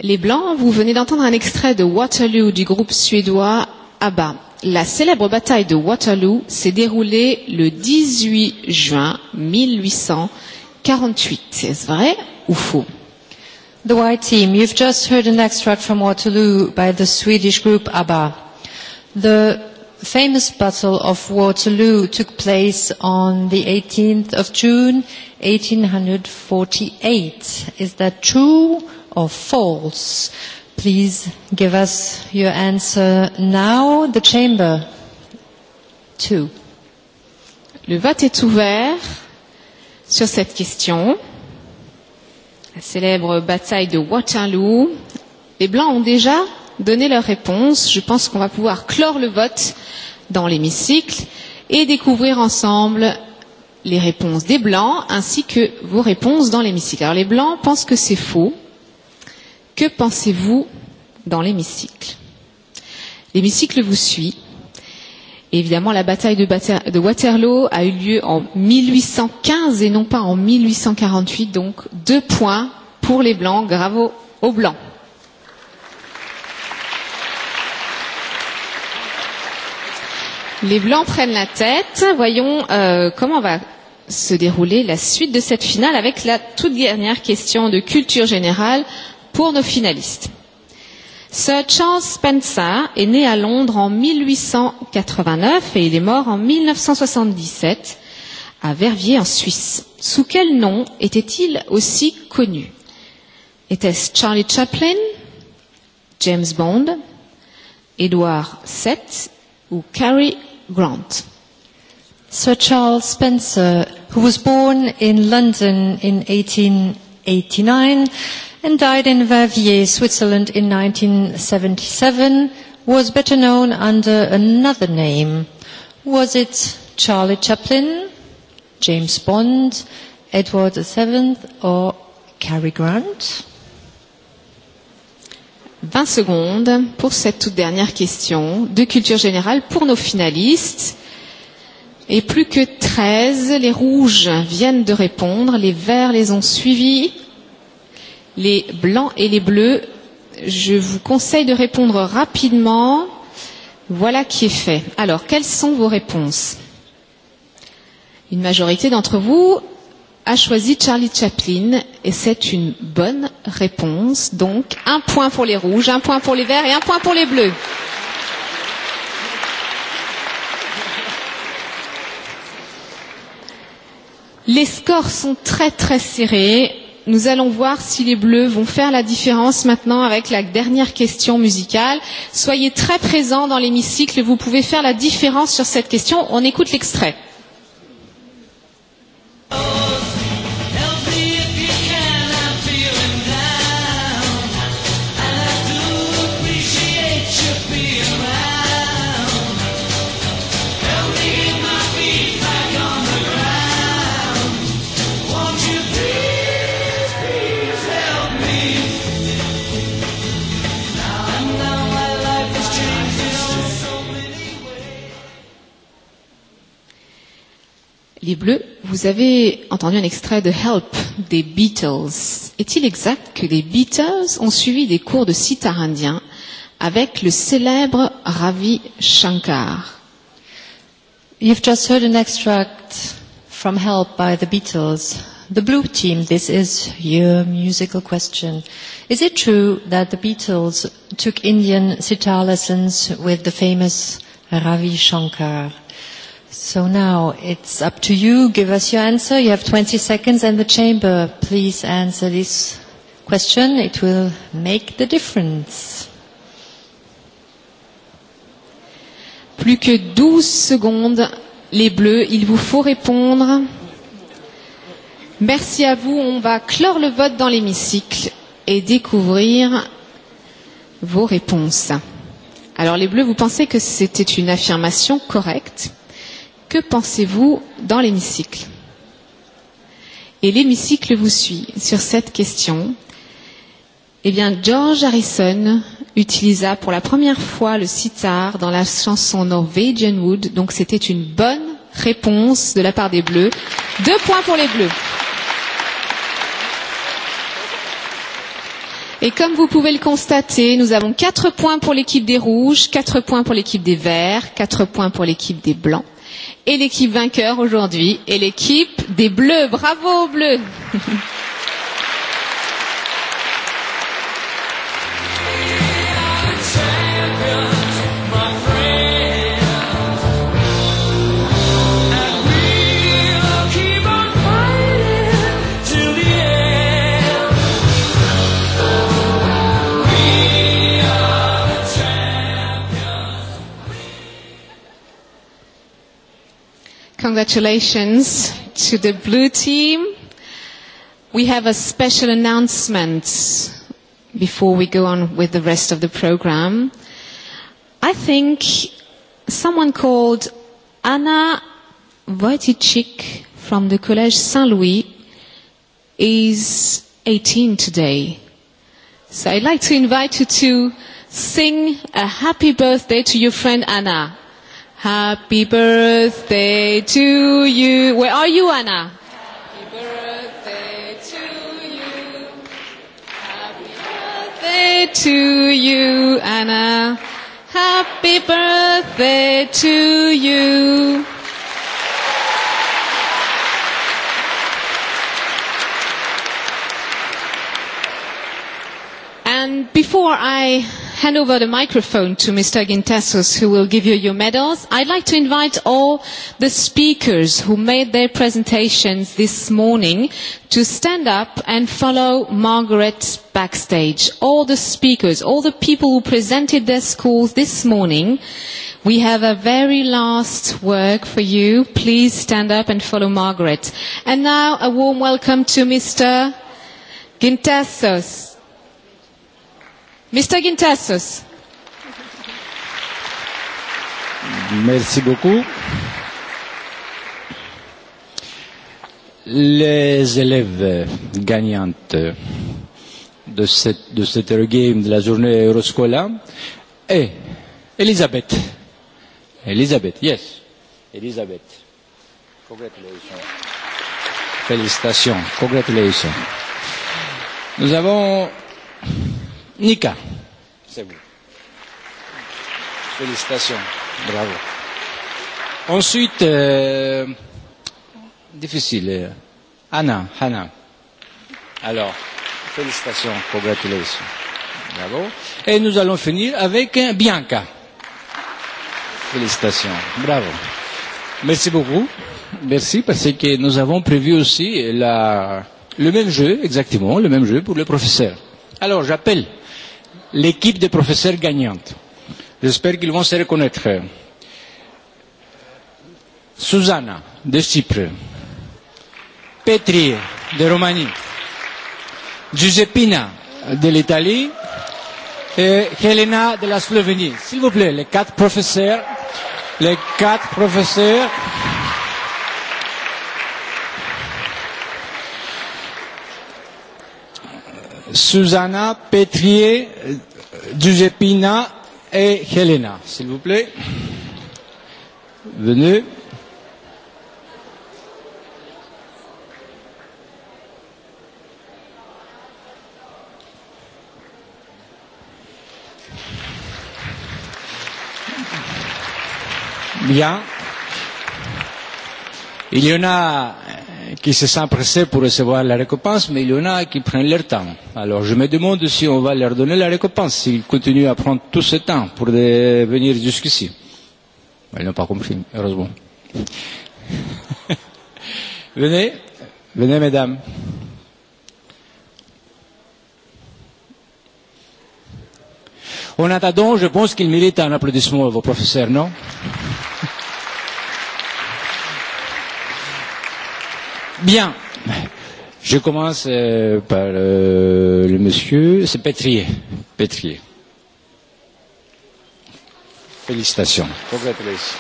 Les Blancs, vous venez d'entendre un extrait de Waterloo du groupe suédois ABBA. La célèbre bataille de Waterloo s'est déroulée le 18 juin 1848. Est-ce vrai ou faux? The White Team, you've just heard an extract from Waterloo by the Swedish group ABBA. The famous Battle of Waterloo took place on the 18th of June 1848. Is that true or false? Please give us your answer now. The chamber. Two. Le vote est ouvert sur cette question. La célèbre bataille de Waterloo. Les Blancs ont déjà donné leur réponse. Je pense qu'on va pouvoir clore le vote dans l'hémicycle et découvrir ensemble les réponses des Blancs ainsi que vos réponses dans l'hémicycle. Alors les Blancs pensent que c'est faux. Que pensez-vous dans l'hémicycle L'hémicycle vous suit. Évidemment, la bataille de, de Waterloo a eu lieu en 1815 et non pas en 1848, donc deux points pour les Blancs, bravo aux Blancs. Les Blancs prennent la tête. Voyons euh, comment va se dérouler la suite de cette finale avec la toute dernière question de culture générale pour nos finalistes. Sir Charles Spencer est né à Londres en 1889 et il est mort en 1977 à Verviers en Suisse. Sous quel nom était-il aussi connu Était-ce Charlie Chaplin, James Bond, Edward VII ou Cary Grant Sir Charles Spencer, who was born in London in 1889, and died in Verviers, Switzerland in 1977, was better known under another name. Was it Charlie Chaplin, James Bond, Edward VII or Cary Grant? 20 secondes pour cette toute dernière question de culture générale pour nos finalistes. Et plus que 13, les rouges viennent de répondre, les verts les ont suivis les blancs et les bleus. Je vous conseille de répondre rapidement. Voilà qui est fait. Alors, quelles sont vos réponses Une majorité d'entre vous a choisi Charlie Chaplin et c'est une bonne réponse. Donc, un point pour les rouges, un point pour les verts et un point pour les bleus. Les scores sont très très serrés nous allons voir si les bleus vont faire la différence maintenant avec la dernière question musicale. Soyez très présents dans l'hémicycle, vous pouvez faire la différence sur cette question. On écoute l'extrait. Oh, Les Bleus, vous avez entendu un extrait de Help des Beatles. Est-il exact que les Beatles ont suivi des cours de sitar indien avec le célèbre Ravi Shankar You've just heard an extract from Help by the Beatles. The Blue Team, this is your musical question. Is it true that the Beatles took Indian sitar lessons with the famous Ravi Shankar? So now it's up to you. Give us your answer. You have 20 seconds and the chamber, please answer this question. It will make the difference. Plus que 12 secondes, les bleus, il vous faut répondre. Merci à vous. On va clore le vote dans l'hémicycle et découvrir vos réponses. Alors les bleus, vous pensez que c'était une affirmation correcte Que pensez-vous dans l'hémicycle Et l'hémicycle vous suit sur cette question. Eh bien, George Harrison utilisa pour la première fois le sitar dans la chanson Norwegian Wood, donc c'était une bonne réponse de la part des Bleus. Deux points pour les Bleus. Et comme vous pouvez le constater, nous avons quatre points pour l'équipe des Rouges, quatre points pour l'équipe des Verts, quatre points pour l'équipe des Blancs et l'équipe vainqueur aujourd'hui est l'équipe des Bleus. Bravo aux Bleus Congratulations to the blue team. We have a special announcement before we go on with the rest of the program. I think someone called Anna Wojtychik from the Collège Saint-Louis is 18 today. So I'd like to invite you to sing a happy birthday to your friend Anna. Happy birthday to you. Where are you, Anna? Happy birthday to you. Happy birthday to you, Anna. Happy birthday to you. And before I hand over the microphone to Mr. Gintessos, who will give you your medals. I'd like to invite all the speakers who made their presentations this morning to stand up and follow Margaret backstage. All the speakers, all the people who presented their schools this morning, we have a very last work for you. Please stand up and follow Margaret. And now a warm welcome to Mr. Gintessos. Mr. Gintessus. Merci beaucoup. Les élèves gagnantes de cette, de cette game de la journée Euroscola et Elisabeth. Elisabeth, yes. Elisabeth. Congratulations. Félicitations. Congratulations. Nous avons Nika. C'est vous. Félicitations. Bravo. Ensuite, euh, difficile. Anna, Anna. Alors, félicitations, congratulations. Bravo. Et nous allons finir avec Bianca. Félicitations. Bravo. Merci beaucoup. Merci parce que nous avons prévu aussi la, le même jeu, exactement, le même jeu pour le professeur. Alors, j'appelle l'équipe des professeurs gagnantes. J'espère qu'ils vont se reconnaître. Susanna de Chypre, Petri de Roumanie, Giuseppina de l'Italie et Helena de la Slovénie. S'il vous plaît, les quatre professeurs, les quatre professeurs. Susanna Petrier, Giuseppina et Helena, s'il vous plaît. Venez. Bien. Il y en a qui se sent pressé pour recevoir la récompense, mais il y en a qui prennent leur temps. Alors je me demande si on va leur donner la récompense, s'ils continuent à prendre tout ce temps pour de venir jusqu'ici. Ils n'ont pas compris, heureusement. venez, venez mesdames. En attendant, je pense qu'il mérite un applaudissement à vos professeurs, non Bien. Je commence euh, par euh, le monsieur, c'est Pétrier. Pétrier. Félicitations. Congratulations.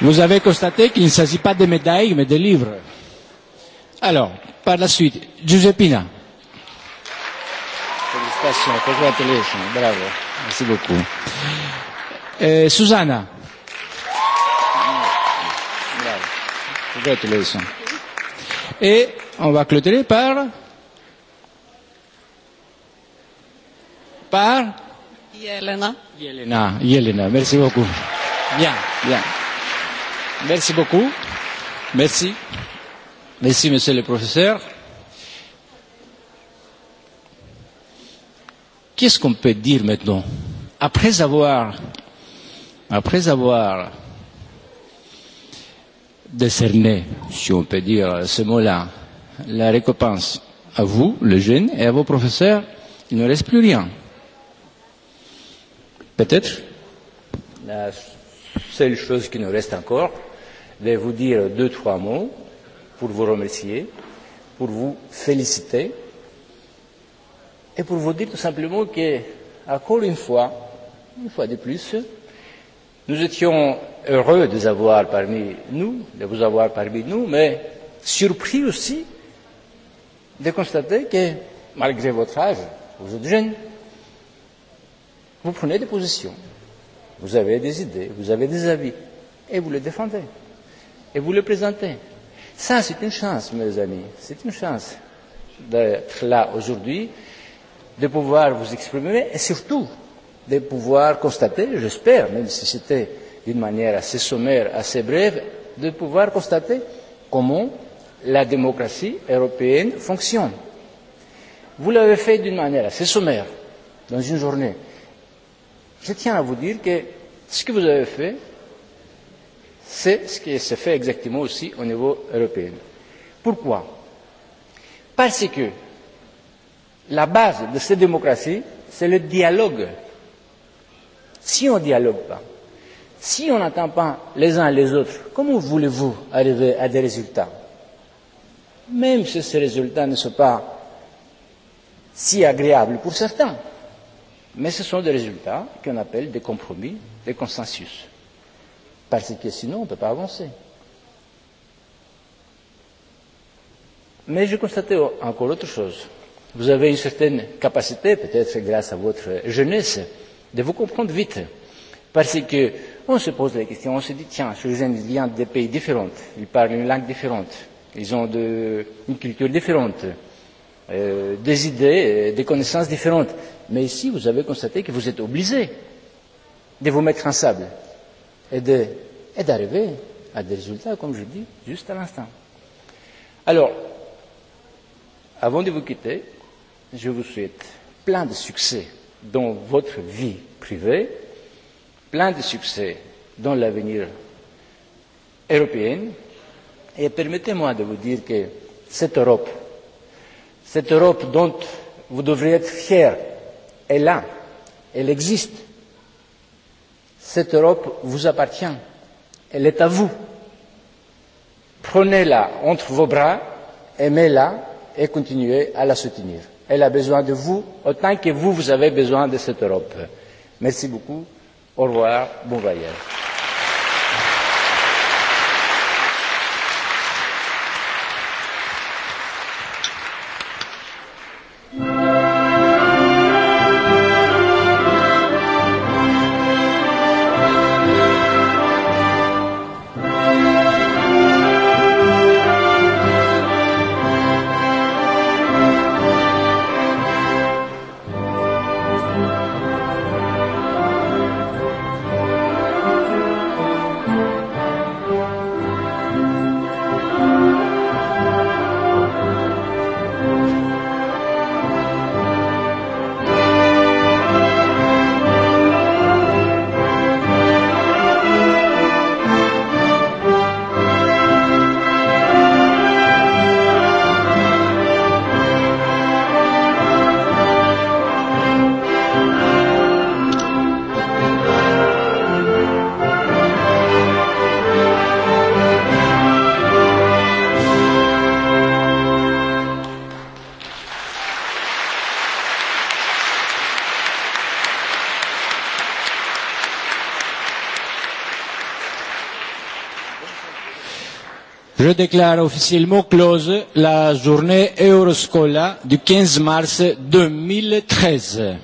Vous avez constaté qu'il ne s'agit pas de médailles, mais de livres. Alors, par la suite, Giuseppina. Félicitations, congratulations, bravo. Merci beaucoup. Euh, Susanna. Congratulations. Et on va clôturer par. Par. Yelena. Yelena, Yelena, merci beaucoup. Bien, bien. Merci beaucoup. Merci. Merci, monsieur le professeur. Qu'est-ce qu'on peut dire maintenant Après avoir, après avoir décerner, si on peut dire ce mot-là, la récompense à vous, le jeune, et à vos professeurs, il ne reste plus rien. Peut-être la seule chose qui nous reste encore, de vous dire deux, trois mots pour vous remercier, pour vous féliciter et pour vous dire tout simplement que, encore une fois, une fois de plus, nous étions heureux de vous avoir parmi nous, de vous avoir parmi nous, mais surpris aussi de constater que, malgré votre âge, vous êtes jeune, vous prenez des positions, vous avez des idées, vous avez des avis, et vous les défendez, et vous les présentez. Ça, c'est une chance, mes amis, c'est une chance d'être là aujourd'hui, de pouvoir vous exprimer, et surtout de pouvoir constater, j'espère, même si c'était d'une manière assez sommaire, assez brève, de pouvoir constater comment la démocratie européenne fonctionne. Vous l'avez fait d'une manière assez sommaire, dans une journée. Je tiens à vous dire que ce que vous avez fait, c'est ce qui se fait exactement aussi au niveau européen. Pourquoi Parce que la base de cette démocratie, c'est le dialogue. Si on ne dialogue pas, Si on n'attend pas les uns les autres, comment voulez-vous arriver à des résultats Même si ces résultats ne sont pas si agréables pour certains, mais ce sont des résultats qu'on appelle des compromis, des consensus. Parce que sinon, on ne peut pas avancer. Mais je constate encore autre chose. Vous avez une certaine capacité, peut-être grâce à votre jeunesse, de vous comprendre vite. Parce que on se pose la question, on se dit, tiens, ces jeunes viennent de pays différents, ils parlent une langue différente, ils ont de, une culture différente, euh, des idées, euh, des connaissances différentes. Mais ici, vous avez constaté que vous êtes obligé de vous mettre en sable et d'arriver de, à des résultats, comme je dis, juste à l'instant. Alors, avant de vous quitter, je vous souhaite plein de succès dans votre vie privée plein de succès dans l'avenir européen. Et permettez-moi de vous dire que cette Europe, cette Europe dont vous devriez être fiers, est là, elle existe. Cette Europe vous appartient, elle est à vous. Prenez-la entre vos bras, aimez-la et continuez à la soutenir. Elle a besoin de vous autant que vous, vous avez besoin de cette Europe. Merci beaucoup. Au revoir, bon voyage. déclare officiellement close la journée Euroscola du 15 mars 2013.